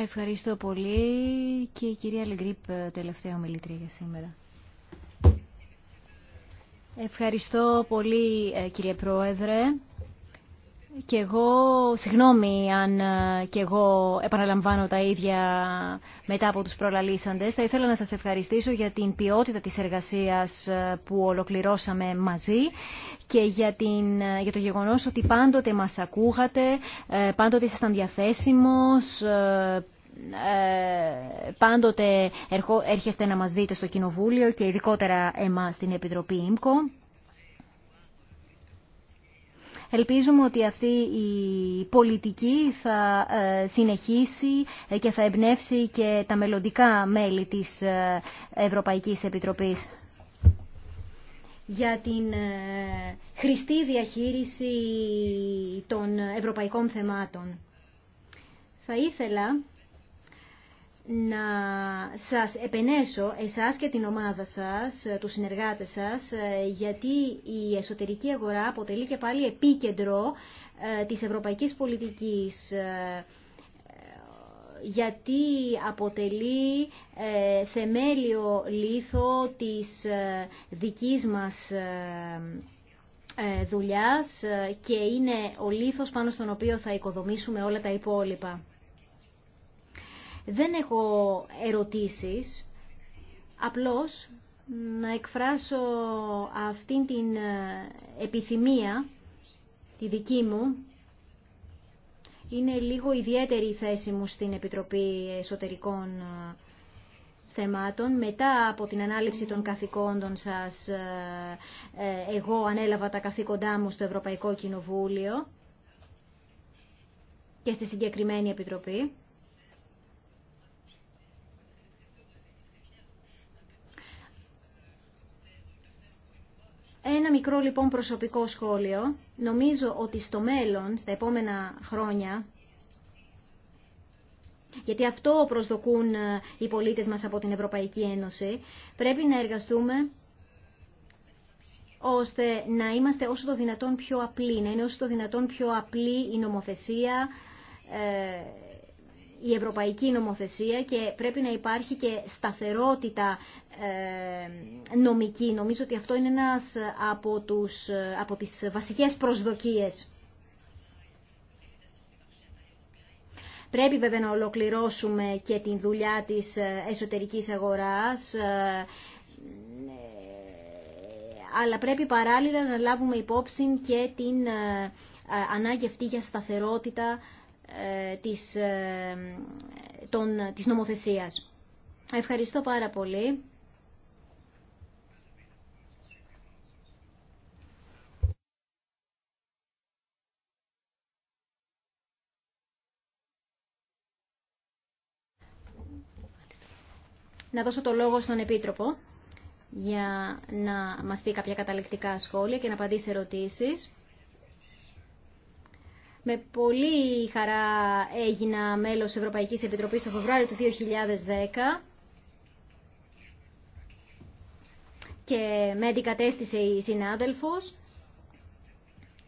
Ευχαριστώ πολύ και η κυρία Λεγκρίπ τελευταία ομιλήτρια για σήμερα. Ευχαριστώ πολύ ε, κύριε Πρόεδρε. Και εγώ, συγγνώμη αν ε, και εγώ επαναλαμβάνω τα ίδια μετά από τους προλαλήσαντες, θα ήθελα να σας ευχαριστήσω για την ποιότητα της εργασίας ε, που ολοκληρώσαμε μαζί και για, την, ε, το γεγονός ότι πάντοτε μας ακούγατε, πάντοτε ήσασταν διαθέσιμος, πάντοτε έρχεστε να μας δείτε στο Κοινοβούλιο και ειδικότερα εμάς στην Επιτροπή ΙΜΚΟ. Ελπίζουμε ότι αυτή η πολιτική θα ε, συνεχίσει ε, και θα εμπνεύσει και τα μελλοντικά μέλη της ε, Ευρωπαϊκής Επιτροπής για την χρηστή διαχείριση των ευρωπαϊκών θεμάτων. Θα ήθελα να σας επενέσω εσάς και την ομάδα σας, ε, τους συνεργάτες σας, ε, γιατί η εσωτερική αγορά αποτελεί και πάλι επίκεντρο ε, της ευρωπαϊκής πολιτικής γιατί αποτελεί θεμέλιο λίθο της δικής μας δουλειάς και είναι ο λίθος πάνω στον οποίο θα οικοδομήσουμε όλα τα υπόλοιπα. Δεν έχω ερωτήσεις, απλώς να εκφράσω αυτήν την ε, επιθυμία, τη δική μου, είναι λίγο ιδιαίτερη η θέση μου στην Επιτροπή Εσωτερικών ε, Θεμάτων. Μετά από την ανάληψη των καθηκόντων σας, ε, εγώ ανέλαβα τα καθήκοντά μου στο Ευρωπαϊκό Κοινοβούλιο και στη συγκεκριμένη Επιτροπή. Ένα μικρό λοιπόν προσωπικό σχόλιο. Νομίζω ότι στο μέλλον, στα επόμενα χρόνια, γιατί αυτό προσδοκούν ε, οι πολίτες μας από την Ευρωπαϊκή Ένωση, πρέπει να εργαστούμε ώστε να είμαστε όσο το δυνατόν πιο απλοί, να είναι όσο το δυνατόν πιο απλή η νομοθεσία, ε, η ευρωπαϊκή νομοθεσία και πρέπει να υπάρχει και σταθερότητα ε, νομική. Νομίζω ότι αυτό είναι ένας από, τους, από τις βασικές προσδοκίες. Πρέπει βέβαια να ολοκληρώσουμε και την δουλειά της ε, εσωτερικής αγοράς, ε, αλλά πρέπει παράλληλα να λάβουμε υπόψη και την ανάγκη αυτή για σταθερότητα ε, της, ε, των, της νομοθεσίας. Ευχαριστώ πάρα πολύ. Να δώσω το λόγο στον Επίτροπο για να μας πει κάποια καταληκτικά σχόλια και να απαντήσει ερωτήσεις. Με πολύ χαρά έγινα μέλος Ευρωπαϊκής Επιτροπής το Φεβρουάριο του 2010 και με αντικατέστησε η συνάδελφος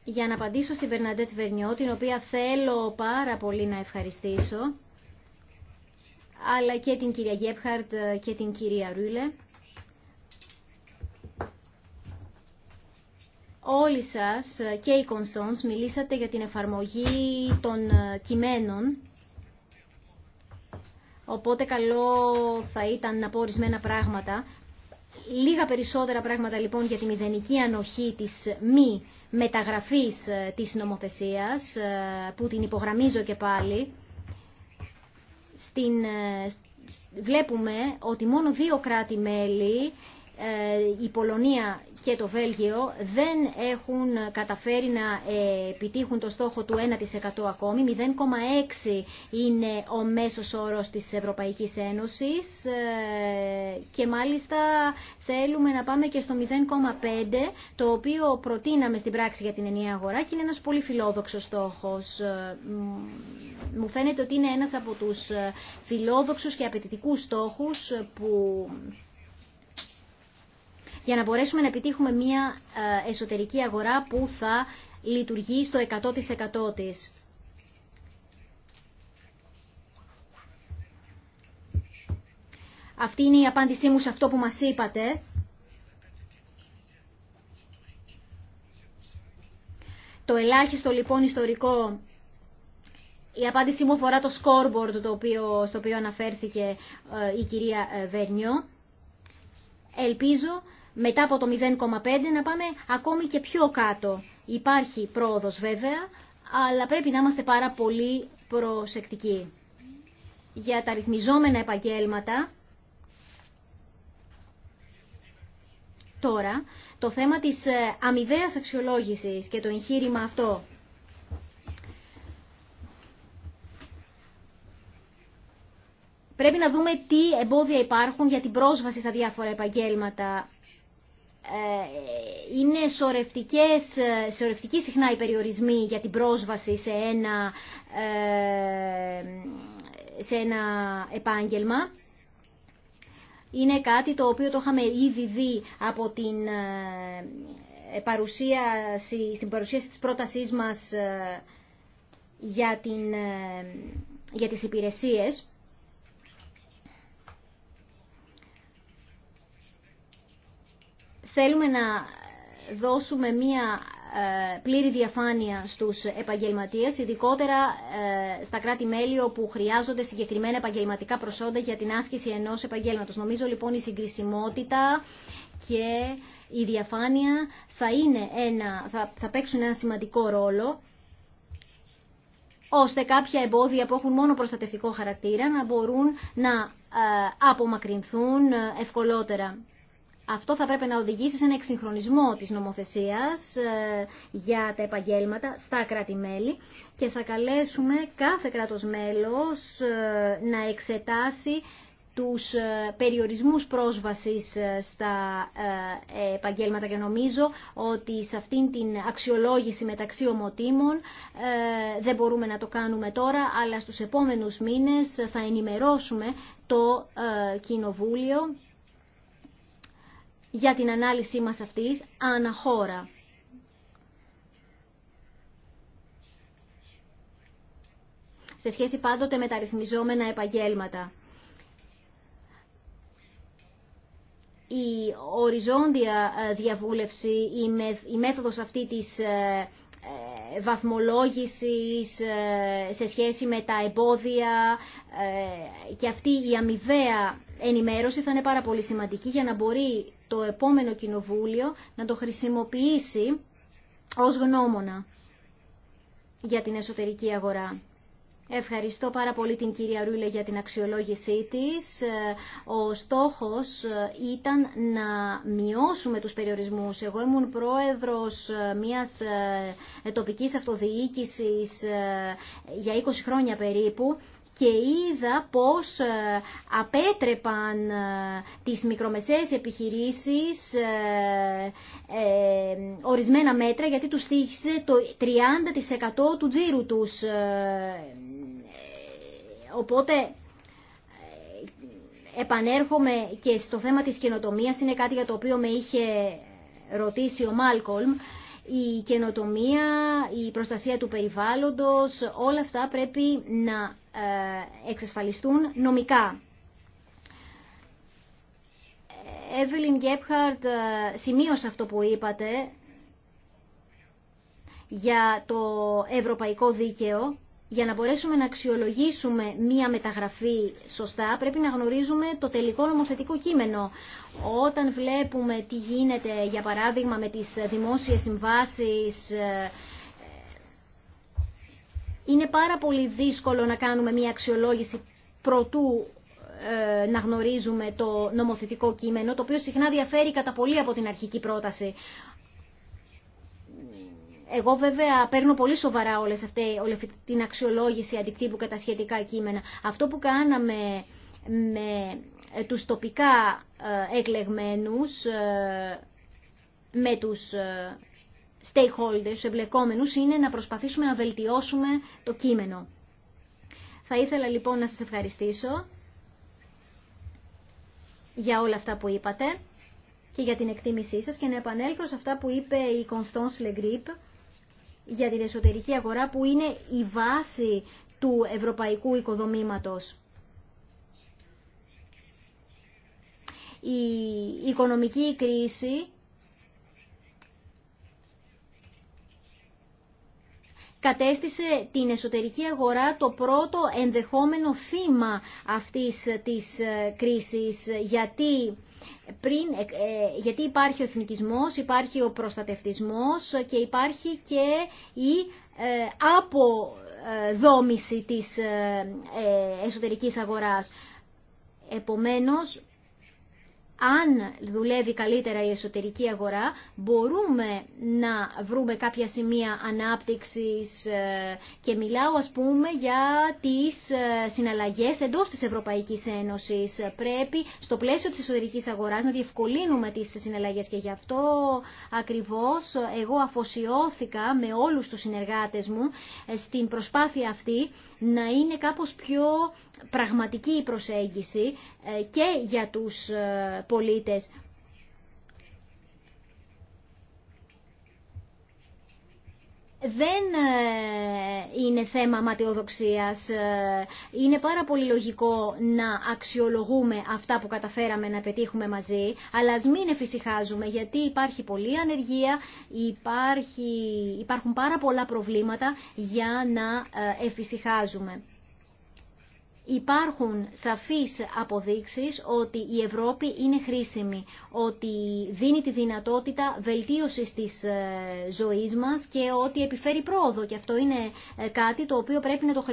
για να απαντήσω στην Περναντέτ Βερνιό, την οποία θέλω πάρα πολύ να ευχαριστήσω, αλλά και την κυρία Γκέπχαρτ και την κυρία Ρούλε. όλοι σας και οι Κωνστόνς μιλήσατε για την εφαρμογή των ε, κειμένων. Οπότε καλό θα ήταν να πω ορισμένα πράγματα. Λίγα περισσότερα πράγματα λοιπόν για τη μηδενική ανοχή της μη μεταγραφής ε, της νομοθεσίας, ε, που την υπογραμμίζω και πάλι. Στην, βλέπουμε ότι μόνο δύο κράτη-μέλη ε, η Πολωνία και το Βέλγιο δεν έχουν καταφέρει να ε, επιτύχουν το στόχο του 1% ακόμη. 0,6 είναι ο μέσος όρος της Ευρωπαϊκής Ένωσης ε, και μάλιστα θέλουμε να πάμε και στο 0,5 το οποίο προτείναμε στην πράξη για την ενιαία αγορά και είναι ένας πολύ φιλόδοξος στόχος. Μου φαίνεται ότι είναι ένας από τους φιλόδοξους και απαιτητικούς στόχους που για να μπορέσουμε να επιτύχουμε μια ε, εσωτερική αγορά που θα λειτουργεί στο 100% της. Αυτή είναι η απάντησή μου σε αυτό που μας είπατε. Το ελάχιστο λοιπόν ιστορικό η απάντησή μου αφορά το scoreboard το οποίο, στο οποίο αναφέρθηκε ε, η κυρία ε, Βέρνιο. Ελπίζω μετά από το 0,5 να πάμε ακόμη και πιο κάτω. Υπάρχει πρόοδος βέβαια, αλλά πρέπει να είμαστε πάρα πολύ προσεκτικοί. Για τα ρυθμιζόμενα επαγγέλματα, τώρα, το θέμα της ε, αμοιβαίας αξιολόγησης και το εγχείρημα αυτό. Πρέπει να δούμε τι εμπόδια υπάρχουν για την πρόσβαση στα διάφορα επαγγέλματα ε, είναι σορευτικές, ε, συχνά οι περιορισμοί για την πρόσβαση σε ένα, ε, σε ένα επάγγελμα. Είναι κάτι το οποίο το είχαμε ήδη δει από την παρουσίαση, στην παρουσίαση της πρότασής μας για, την, για τις υπηρεσίες. Θέλουμε να δώσουμε μία ε, πλήρη διαφάνεια στους επαγγελματίες, ειδικότερα ε, στα κράτη-μέλη όπου χρειάζονται συγκεκριμένα επαγγελματικά προσόντα για την άσκηση ενός επαγγέλματος. Νομίζω λοιπόν η συγκρισιμότητα και η διαφάνεια θα, είναι ένα, θα, θα παίξουν ένα σημαντικό ρόλο ώστε κάποια εμπόδια που έχουν μόνο προστατευτικό χαρακτήρα να μπορούν να ε, απομακρυνθούν ευκολότερα αυτό θα πρέπει να οδηγήσει σε ένα εξυγχρονισμό της νομοθεσίας ε, για τα επαγγέλματα στα κράτη-μέλη και θα καλέσουμε κάθε κράτος μέλος ε, να εξετάσει τους ε, περιορισμούς πρόσβασης στα επαγγέλματα και νομίζω ότι σε αυτήν την αξιολόγηση μεταξύ ομοτήμων δεν μπορούμε να το κάνουμε τώρα αλλά στους επόμενους μήνες θα ενημερώσουμε το Κοινοβούλιο για την ανάλυση μας αυτής αναχώρα. σε σχέση πάντοτε με τα ρυθμιζόμενα επαγγέλματα. Η οριζόντια ε, διαβούλευση, η μέθοδος αυτή της ε, ε, βαθμολόγησης σε σχέση με τα εμπόδια και αυτή η αμοιβαία ενημέρωση θα είναι πάρα πολύ σημαντική για να μπορεί το επόμενο κοινοβούλιο να το χρησιμοποιήσει ως γνώμονα για την εσωτερική αγορά. Ευχαριστώ πάρα πολύ την κυρία Ρούλε για την αξιολόγησή της. Ο στόχος ήταν να μειώσουμε τους περιορισμούς. Εγώ ήμουν πρόεδρος μιας ε, τοπικής αυτοδιοίκησης ε, για 20 χρόνια περίπου και είδα πώς ε, απέτρεπαν ε, τις μικρομεσαίες επιχειρήσεις ε, ορισμένα μέτρα γιατί τους στήχησε το 30% του τζίρου τους. Οπότε επανέρχομαι και στο θέμα της καινοτομίας, είναι κάτι για το οποίο με είχε ρωτήσει ο Μάλκολμ. Η καινοτομία, η προστασία του περιβάλλοντος, όλα αυτά πρέπει να ε, εξασφαλιστούν νομικά. Εύελιν Γκέπχαρτ σημείωσε αυτό που είπατε για το ευρωπαϊκό δίκαιο. Για να μπορέσουμε να αξιολογήσουμε μία μεταγραφή σωστά, πρέπει να γνωρίζουμε το τελικό νομοθετικό κείμενο. Όταν βλέπουμε τι γίνεται, για παράδειγμα, με τις δημόσιες συμβάσεις ε, είναι πάρα πολύ δύσκολο να κάνουμε μια αξιολόγηση προτού ε, να γνωρίζουμε το νομοθετικό κείμενο, το οποίο συχνά διαφέρει κατά πολύ από την αρχική πρόταση. Εγώ βέβαια παίρνω πολύ σοβαρά όλες αυτή, όλη αυτή την αξιολόγηση αντικτύπου τα σχετικά κείμενα. Αυτό που κάναμε με ε, τους τοπικά ε, εκλεγμένους, με τους stakeholders, εμπλεκόμενους, είναι να προσπαθήσουμε να βελτιώσουμε το κείμενο. Θα ήθελα λοιπόν να σας ευχαριστήσω για όλα αυτά που είπατε και για την εκτίμησή σας και να επανέλθω σε αυτά που είπε η Constance Grip για την εσωτερική αγορά που είναι η βάση του ευρωπαϊκού οικοδομήματος. Η οικονομική κρίση κατέστησε την εσωτερική αγορά το πρώτο ενδεχόμενο θύμα αυτής της ε, κρίσης γιατί πριν, ε, ε, γιατί υπάρχει ο εθνικισμός, υπάρχει ο προστατευτισμός και υπάρχει και η αποδόμηση της εσωτερικής αγοράς. Επομένως, αν δουλεύει καλύτερα η εσωτερική αγορά, μπορούμε να βρούμε κάποια σημεία ανάπτυξης ε, και μιλάω ας πούμε για τις ε, συναλλαγές εντός της Ευρωπαϊκής Ένωσης. Πρέπει στο πλαίσιο της εσωτερικής αγοράς να διευκολύνουμε τις συναλλαγές και γι' αυτό ακριβώς εγώ αφοσιώθηκα με όλους τους συνεργάτες μου ε, στην προσπάθεια αυτή να είναι κάπως πιο πραγματική η προσέγγιση ε, και για τους ε, πολίτες δεν ε, είναι θέμα ματαιοδοξίας. Ε, είναι πάρα πολύ λογικό να αξιολογούμε αυτά που καταφέραμε να πετύχουμε μαζί, αλλά ας μην εφησυχάζουμε γιατί υπάρχει πολλή ανεργία, υπάρχουν πάρα πολλά προβλήματα για να ε, εφησυχάζουμε υπάρχουν σαφείς αποδείξεις ότι η Ευρώπη είναι χρήσιμη, ότι δίνει τη δυνατότητα βελτίωσης της ε, ζωής μας και ότι επιφέρει πρόοδο και αυτό είναι ε, κάτι το οποίο πρέπει να το,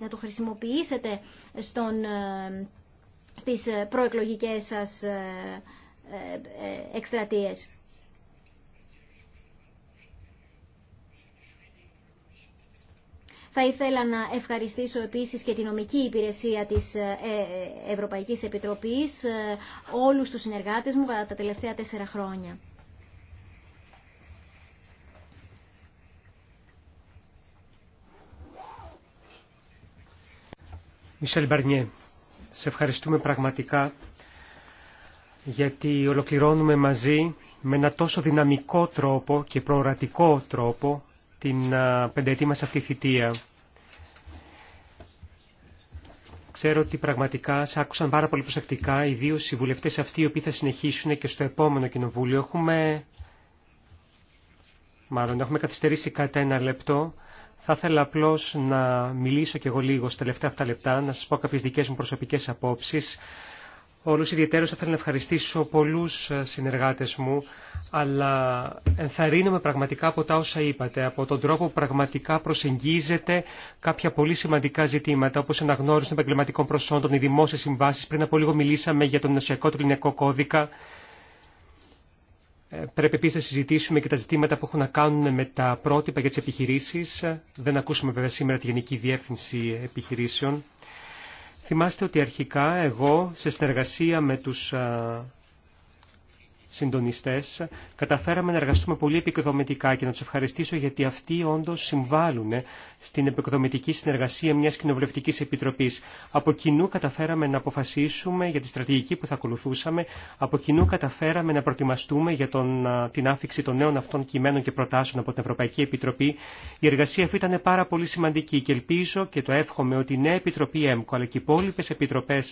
να χρησιμοποιήσετε στον, ε, στις προεκλογικές σας εκστρατείες. Θα ήθελα να ευχαριστήσω επίσης και την νομική υπηρεσία της ε, ε, Ευρωπαϊκής Επιτροπής, ε, όλους τους συνεργάτες μου κατά τα τελευταία τέσσερα χρόνια. Μισελ Μπαρνιέ, σε ευχαριστούμε πραγματικά γιατί ολοκληρώνουμε μαζί με ένα τόσο δυναμικό τρόπο και προορατικό τρόπο την πενταετή μας αυτή θητεία. Ξέρω ότι πραγματικά σε άκουσαν πάρα πολύ προσεκτικά, οι οι βουλευτέ αυτοί οι οποίοι θα συνεχίσουν και στο επόμενο κοινοβούλιο. Έχουμε, μάλλον, έχουμε καθυστερήσει κατά ένα λεπτό. Θα ήθελα απλώ να μιλήσω και εγώ λίγο στα τελευταία αυτά λεπτά, να σα πω κάποιε δικέ μου προσωπικέ απόψει. Όλους ιδιαίτερω θα ήθελα να ευχαριστήσω πολλούς ε, συνεργάτες μου, αλλά ενθαρρύνομαι πραγματικά από τα όσα είπατε, από τον τρόπο που πραγματικά προσεγγίζετε κάποια πολύ σημαντικά ζητήματα, όπως αναγνώριση των επαγγελματικών προσόντων, οι δημόσιες συμβάσει, Πριν από λίγο μιλήσαμε για τον νοσιακό του ελληνικό κώδικα. Ε, πρέπει επίση να συζητήσουμε και τα ζητήματα που έχουν να κάνουν με τα πρότυπα για τι επιχειρήσει. Ε, δεν ακούσαμε βέβαια σήμερα τη Γενική Διεύθυνση Επιχειρήσεων. Θυμάστε ότι αρχικά εγώ, σε συνεργασία με τους συντονιστές καταφέραμε να εργαστούμε πολύ επικοδομητικά και να τους ευχαριστήσω γιατί αυτοί όντως συμβάλλουν στην επικοδομητική συνεργασία μιας κοινοβουλευτικής επιτροπής. Από κοινού καταφέραμε να αποφασίσουμε για τη στρατηγική που θα ακολουθούσαμε, από κοινού καταφέραμε να προετοιμαστούμε για τον, την άφηξη των νέων αυτών κειμένων και προτάσεων από την Ευρωπαϊκή Επιτροπή. Η εργασία αυτή ήταν πάρα πολύ σημαντική και ελπίζω και το εύχομαι ότι η νέα Επιτροπή ΕΜΚΟ αλλά και οι υπόλοιπε επιτροπέ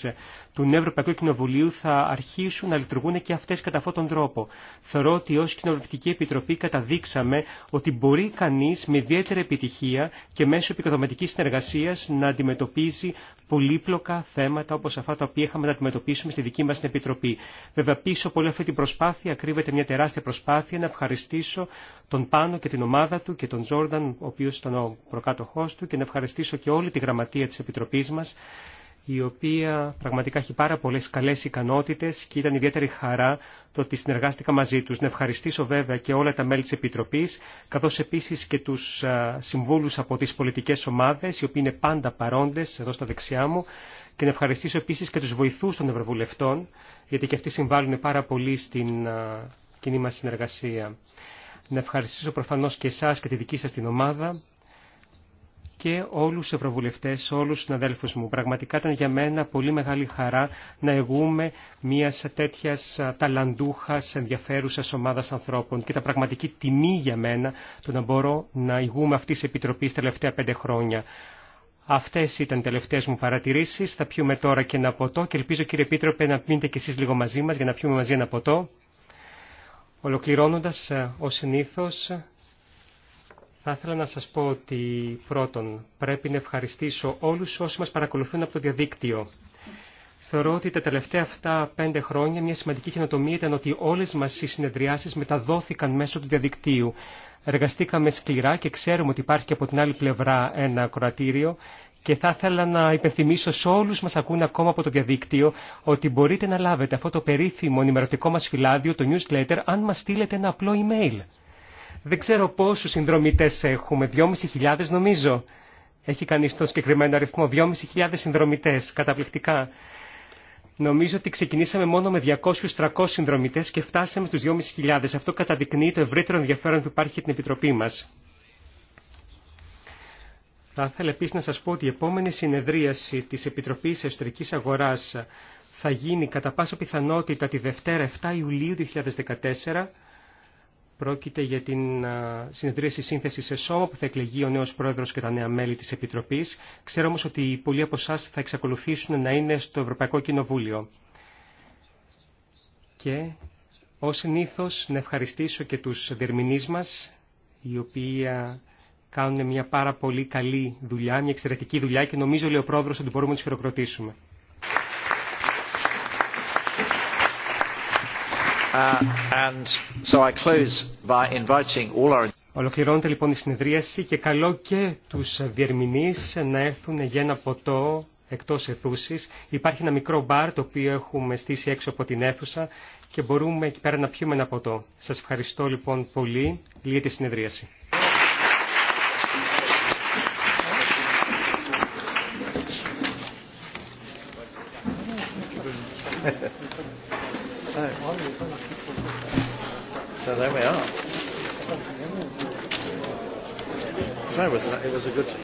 του Ευρωπαϊκού Κοινοβουλίου θα αρχίσουν να λειτουργούν και αυτέ κατά τρόπο. Θεωρώ ότι ω Κοινοβουλευτική Επιτροπή καταδείξαμε ότι μπορεί κανεί με ιδιαίτερη επιτυχία και μέσω επικοδοματική συνεργασία να αντιμετωπίζει πολύπλοκα θέματα όπω αυτά τα οποία είχαμε να αντιμετωπίσουμε στη δική μα την Επιτροπή. Βέβαια, πίσω από όλη αυτή την προσπάθεια κρύβεται μια τεράστια προσπάθεια να ευχαριστήσω τον Πάνο και την ομάδα του και τον Τζόρνταν, ο οποίο ήταν ο προκάτοχό του, και να ευχαριστήσω και όλη τη γραμματεία τη Επιτροπή μα η οποία πραγματικά έχει πάρα πολλές καλές ικανότητες και ήταν ιδιαίτερη χαρά το ότι συνεργάστηκα μαζί τους. Να ευχαριστήσω βέβαια και όλα τα μέλη της Επιτροπής, καθώς επίσης και τους συμβούλους από τις πολιτικές ομάδες, οι οποίοι είναι πάντα παρόντες εδώ στα δεξιά μου, και να ευχαριστήσω επίσης και τους βοηθούς των Ευρωβουλευτών, γιατί και αυτοί συμβάλλουν πάρα πολύ στην κοινή μας συνεργασία. Να ευχαριστήσω προφανώς και εσάς και τη δική σας την ομάδα και όλους τους ευρωβουλευτές, όλους τους συναδέλφους μου. Πραγματικά ήταν για μένα πολύ μεγάλη χαρά να εγούμε μια τέτοια ταλαντούχα, ενδιαφέρουσα ομάδα ανθρώπων και ήταν πραγματική τιμή για μένα το να μπορώ να ηγούμε αυτή τη επιτροπή τα τελευταία πέντε χρόνια. Αυτές ήταν οι τελευταίες μου παρατηρήσεις. Θα πιούμε τώρα και ένα ποτό και ελπίζω κύριε Επίτροπε να πίνετε κι εσείς λίγο μαζί μας για να πιούμε μαζί ένα ποτό. Ολοκληρώνοντας, ως συνήθω, θα ήθελα να σας πω ότι πρώτον πρέπει να ευχαριστήσω όλους όσοι μας παρακολουθούν από το διαδίκτυο. Θεωρώ ότι τα τελευταία αυτά πέντε χρόνια μια σημαντική καινοτομία ήταν ότι όλες μας οι συνεδριάσεις μεταδόθηκαν μέσω του διαδικτύου. Εργαστήκαμε σκληρά και ξέρουμε ότι υπάρχει και από την άλλη πλευρά ένα κρατήριο. και θα ήθελα να υπενθυμίσω σε όλου μα ακούνε ακόμα από το διαδίκτυο ότι μπορείτε να λάβετε αυτό το περίφημο ενημερωτικό μα φυλάδιο, το newsletter, αν μα στείλετε ένα απλό email. Δεν ξέρω πόσους συνδρομητές έχουμε, 2.500 νομίζω. Έχει κανείς τον συγκεκριμένο αριθμό, 2.500 συνδρομητές, καταπληκτικά. Νομίζω ότι ξεκινήσαμε μόνο με 200-300 συνδρομητές και φτάσαμε στους 2.500. Αυτό καταδεικνύει το ευρύτερο ενδιαφέρον που υπάρχει για την Επιτροπή μας. Θα ήθελα επίσης να σας πω ότι η επόμενη συνεδρίαση της Επιτροπής Εσωτερικής Αγοράς θα γίνει κατά πάσα πιθανότητα τη Δευτέρα 7 Ιουλίου 2014 Πρόκειται για την συνεδρίαση σύνθεση σε σώμα που θα εκλεγεί ο νέο πρόεδρο και τα νέα μέλη τη Επιτροπή. Ξέρω όμω ότι πολλοί από εσά θα εξακολουθήσουν να είναι στο Ευρωπαϊκό Κοινοβούλιο. Και ω συνήθω να ευχαριστήσω και του δερμηνεί μα, οι οποίοι κάνουν μια πάρα πολύ καλή δουλειά, μια εξαιρετική δουλειά και νομίζω, λέει ο πρόεδρο, ότι μπορούμε να του χειροκροτήσουμε. Uh, Ολοκληρώνεται λοιπόν η συνεδρίαση και καλώ και τους διερμηνείς να έρθουν για ένα ποτό εκτός αιθούσης. Υπάρχει ένα μικρό μπαρ το οποίο έχουμε στήσει έξω από την αίθουσα και μπορούμε εκεί πέρα να πιούμε ένα ποτό. Σας ευχαριστώ λοιπόν πολύ. για τη συνεδρίαση. there we are. So it was, it was a good.